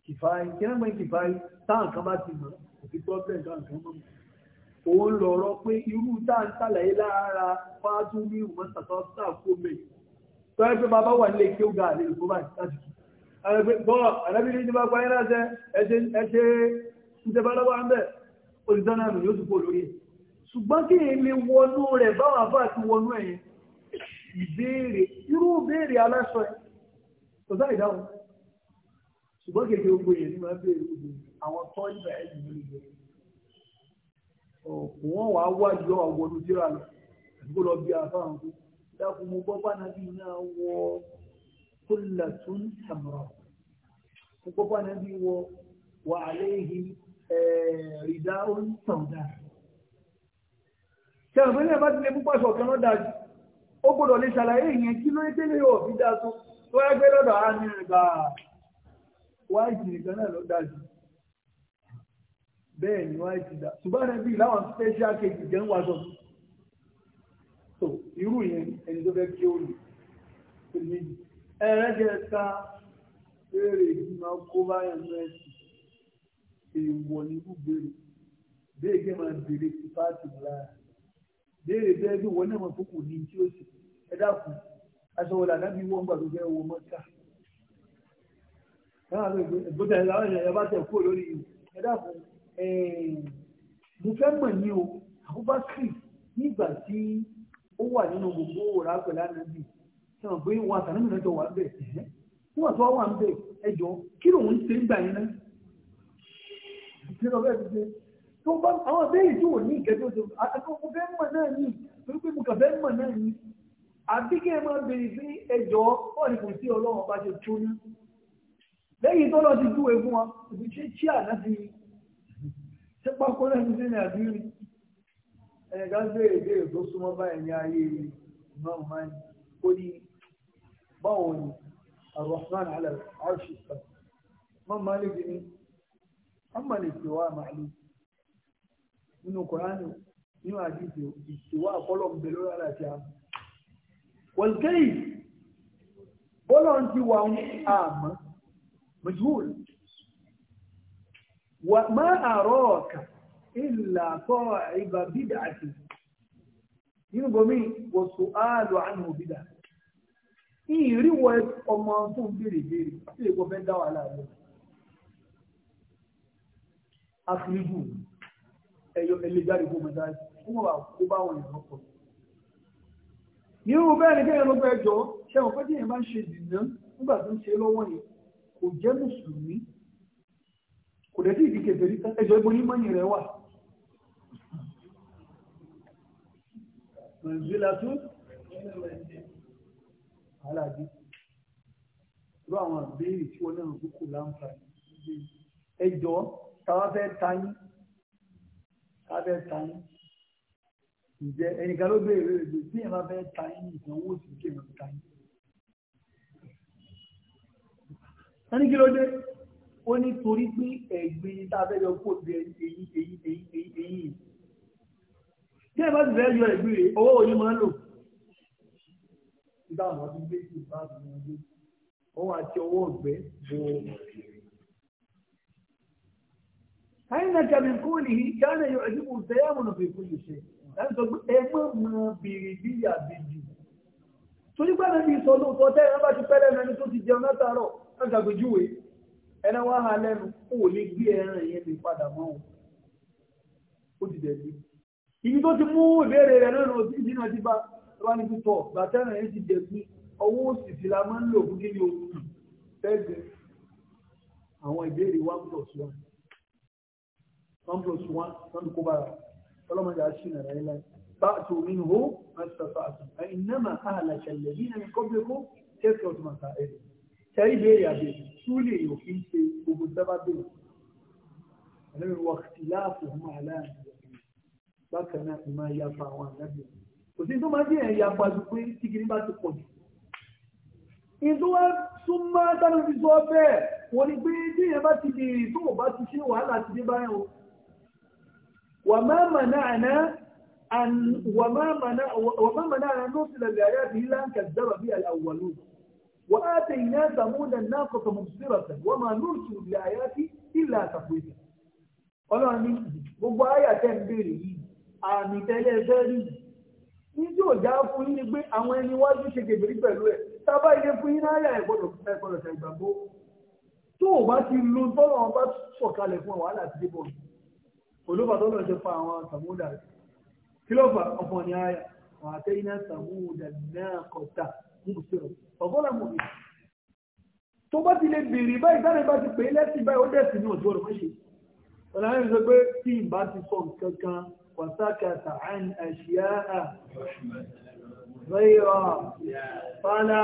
Speaker 1: kìfáyé kí náà mọ̀ kìfáyé táwọn kan bá ti mọ̀ òfi pọ́blẹ̀m táwọn kan mọ̀ òun lọ̀rọ̀ pé irú táà ń sàlàyé lára fáájú ní ìwọ̀n sàtọ́sà kómẹ̀ tọ́rẹ́ pé bàbá wà nílé kí ó ga àlè ìfọ́bà láti kí bọ́ àdábìnrin ti bá pa ẹ́rà ṣẹ́ ẹṣẹ́ ìjẹba lọ́wọ́ ń bẹ̀ olùdáná yóò tún kó lórí ẹ̀ ṣùgbọ́n kí èyí wọnú rẹ̀ báwọn àbá àti wọnú ẹ̀yẹn ìbéèrè irú béèrè aláṣọ ẹ̀ kò sáà ìdáhùn ṣùgbọ́n kèké gbogbo yẹn ni máa béèrè gbogbo àwọn tó ń bẹ̀rẹ̀ yìí ló lè kò wọ́n wàá wájú lọ́wọ́ wọnú tíra lọ àdúgbò lọ bí afáhàn kú dákun mo gbọ́ bá nàbí náà wọ kólà tún sàmùrà mo gbọ́ bá nàbí wọ wà àléhìn rìdá ó ń sàmùdà. ṣé àgbẹ̀lẹ̀ bá ti lè púpọ̀ sọ̀kan lọ́dájú ó gbọ́dọ̀ lè ṣàlàyé ìyẹn kí ló délé yóò fi dá tó tó ẹgbẹ́ lọ́dọ̀ á ní ìgbà wáìtì nìkan náà ló dájú bẹ́ẹ̀ ni wáìtì dá ṣùgbọ́n ẹni bíi láwọn special case jẹ́ ń wáṣọ tó irú yẹn ẹni tó fẹ́ kí ó lò tó méjì ẹ̀rẹ́jẹ̀ ká béèrè kí máa kó báyọ̀ ní ẹ̀sìn èèwọ̀ ní gbùgbèrè béèrè kí máa béèrè sí pàtì lára béèrè bẹ́ẹ̀ bí wọ́n náà mọ̀ fún kù ní tí ó sì ẹ dákun aṣọ wọlé àdábì wọ́n gbà tó jẹ́ owó mọ́tíkà. ìgbọ́dọ̀ ẹ̀ láwọn èèyàn bá tẹ̀ kúrò lórí ẹ dákun mo fẹ́ mọ̀ ní o Abubakar nígbà tí ó wà nínú gbogbo òwòrán pẹ̀lú ànábì tí wọ́n gbé wọn àtàlẹ́mì náà jọ wà ń bẹ̀ fún àtúwà wà ń bẹ̀ ẹjọ́ kí lòun ṣe ń gbà yẹn náà tó bá àwọn abẹ́rẹ́ tí ò ní ìkẹ́jọ́ tó àtàkùn mo fẹ́ mọ̀ náà ní torí pé mo kà fẹ́ mọ̀ náà ní àbí kí ẹ máa béèrè sí ẹjọ́ ọ̀ ní kò sí ọlọ́run bá ṣe tó ní lẹ́yìn tó lọ ti tú egun wa òbí ṣe tí àná fi ṣe pákó lẹ́nu sí ní àbírí ẹ̀yẹ̀gá béèrè béèrè tó súnmọ́ báyìí ní ayé ìmáàmù máa ń kó ní báwo ni Ar-Rahman ala Arsh ìsàlẹ̀ mọ́ Malik ni wọ́n máa lè pè wá Malik nínú kòránì nínú àdìsí ìṣèwà àkọlọ̀ ń bẹ lórí àlàáfíà wọ̀lkẹ́yì bọ́lọ̀ ń ti wà ń àmọ́ mẹ́júwòl wà má àrọ́ ọ̀kà ìlà kọ́ ìbà bídà àti nínú bomi wọ́n so áàlù àánú bídà ìrìwọ̀ ọmọ tó ń béèrè tí èkó fẹ́ dá láàrin àfihàn ẹyọ ẹlẹgbàrí fún mọ̀dájú fún wà kó bá wọn ìrọ̀ pọ̀. ní irú bẹ́ẹ̀ ni kéèyàn ló gbé ẹjọ́ ṣẹ́wọ̀n pé kéèyàn bá ń ṣe dìnnà nígbà tó ń ṣe lọ́wọ́ yẹn kò jẹ́ mùsùlùmí kò dẹ̀ tí ìdí kẹfẹ́rí tán ẹjọ́ ibo ní mọ́yìn rẹ̀ wà. nàìjíríà tún aláàbí irú àwọn àbẹ́rẹ́ tí wọ́n náà kúkú láǹfààní ẹjọ́ táwa fẹ́ ta yín lábẹ́ tayín ǹjẹ́ ẹnìkan ló béèrè rẹ̀ pé tí èèyàn bá fẹ́ tayín nìkan owó sì kí èèyàn tayín. wọ́n ní kí ló dé ó ní torí pé ẹ̀gbin tá a fẹ́ yọ kó bẹ èyí èyí èyí èyí èyí tí èèyàn bá ti fẹ́ yọ ẹ̀gbin rẹ̀ owó òní máa ń lò. nígbà wọn ti gbé sí ìbáàbò wọn dé òun àti ọwọ́ ọ̀gbẹ́ bọ̀ àyínàkà mi kú ní ìkánà yóò ẹ̀dínkù tẹ́yàmùnà fi kú ìṣe láti sọ pé ẹ mọ̀ mọ̀ bèrè bí àbèjì torí pé àbí sọ lóòótọ́ tẹ́yà bá ti pẹ́rẹ́ mẹ́ni tó ti jẹun látàárọ̀ láti àpèjúwe ẹni wá ha lẹ́nu ó lè gbé ẹran yẹn lè padà mọ́ o ó ti dẹ̀ bí. ibi tó ti mú ìbéèrè rẹ̀ lónìí òbí ìdínà ti bá wá ní pípọ̀ gbàtẹ́ràn yẹn ti dẹ̀ bí ọwọ́ òsì ti la máa ń lò fún kí ni o fẹ́ẹ́ gbé àwọn ìbéèrè wá pọ̀ sí wọn nọ́mbùlọ̀sì wọn lọ́nà kó bára ọlọ́mọdé àṣìnà rẹ̀ láì bá àti òmìnir hó mẹ́tẹ̀ẹ̀fà àti ẹ̀yìnàmà àlàṣẹlẹ̀ yìí náà kọ́bílẹ̀ kó tẹ́sí ọ̀tún àtà ẹ̀rẹ̀ tẹ́rí béèrè àbẹ̀ túlẹ̀ yóò fi ṣe gbogbo dábà béèrè ẹ̀rẹ̀ wàkìtì láàfù ọmọ aláàbẹ̀ bákan náà ìmọ̀ ìyapa àwọn àdábẹ̀ kò sí tó máa dé ẹ̀yà pàdù pé tíkiri bá ti pọ̀ jù ìdúwà súnmọ́ tánàbí sọ bẹ́ẹ̀ wọ́n ni pé tí bá ti dèrè tó wọ́n bá ti ṣe wàhálà ti dé báyìí وما منعنا أن وما منع وما منعنا أن نرسل الآيات إلا أن كذب بها الأولون وآتينا ثمود الناقة مبصرة وما نرسل الآيات إلا تخويفا قالوا ní gbogbo àyà tẹ́ ń béèrè yìí àmì tẹ́lẹ̀ ẹgbẹ́ rí ní tí ò já fún yín ni pé àwọn ẹni wájú ṣe kèbèrè pẹ̀lú ẹ̀ tábà ilé fún yín náírà ẹ̀gbọ́dọ̀ ẹ̀gbọ́dọ̀ ṣàgbàgbọ́ tó o bá ti lo tọ́lọ̀ wọn bá sọ̀kalẹ̀ fún wàhálà ti dé bọ̀ọ̀lù olúfà tó lọ́ọ́ ṣe fa àwọn sàmúdà rẹ̀ kí ló fà ọmọ ní àyà wà á tẹ́ iná sàmúdà náà kọ̀tà mú sí ọ ọ̀gbọ́n làmú mi. tó bá ti lè bèrè báyìí sáré bá ti pè é lẹ́sìn báyìí ó dẹ̀sìn ní òjò rẹ̀ mọ́ṣẹ́ ọ̀nà sọ pé tí ì ti sọ nǹkan kan wàsákàtà àn à rẹ́yọ̀ fálà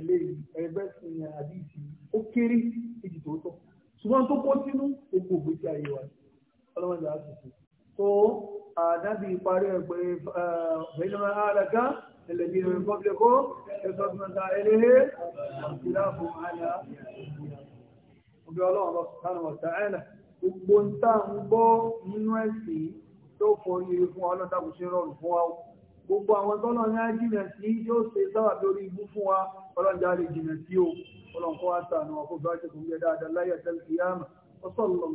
Speaker 1: eléyìí ẹgbẹ́ sìn àdìsí ó kéré èjì tó tọ́ ṣùgbọ́n tó kó sínú oko ògbésí ayé wa ọlọ́wọ́n ìlà àtúntò tó àdábì parí ẹgbẹ́ ìfẹ́lẹ́mọ́ àràká ẹlẹ́bí ìrìn pọ́blẹ́kọ́ ẹ̀sọ́túnmọ́ta ẹlẹ́lẹ́ ìlàfò àyà ọbẹ̀ ọlọ́wọ́n lọ sùkánù ọ̀tá ẹ̀nà gbogbo ń tà ń gbọ́ nínú ẹ̀sìn tó fọ iye fún wa rọrùn fún wa ó gbogbo àwọn tọ́lọ̀ ní àjìnà sí yóò ṣe sáwà lórí ibú fún wa ọlọ́njà lè jìnà sí o ọlọ́nkọ́ àtànà ọkọ̀ bá ṣe kò ń yẹ dáadáa láyé tẹ́lifíyàmù وصلى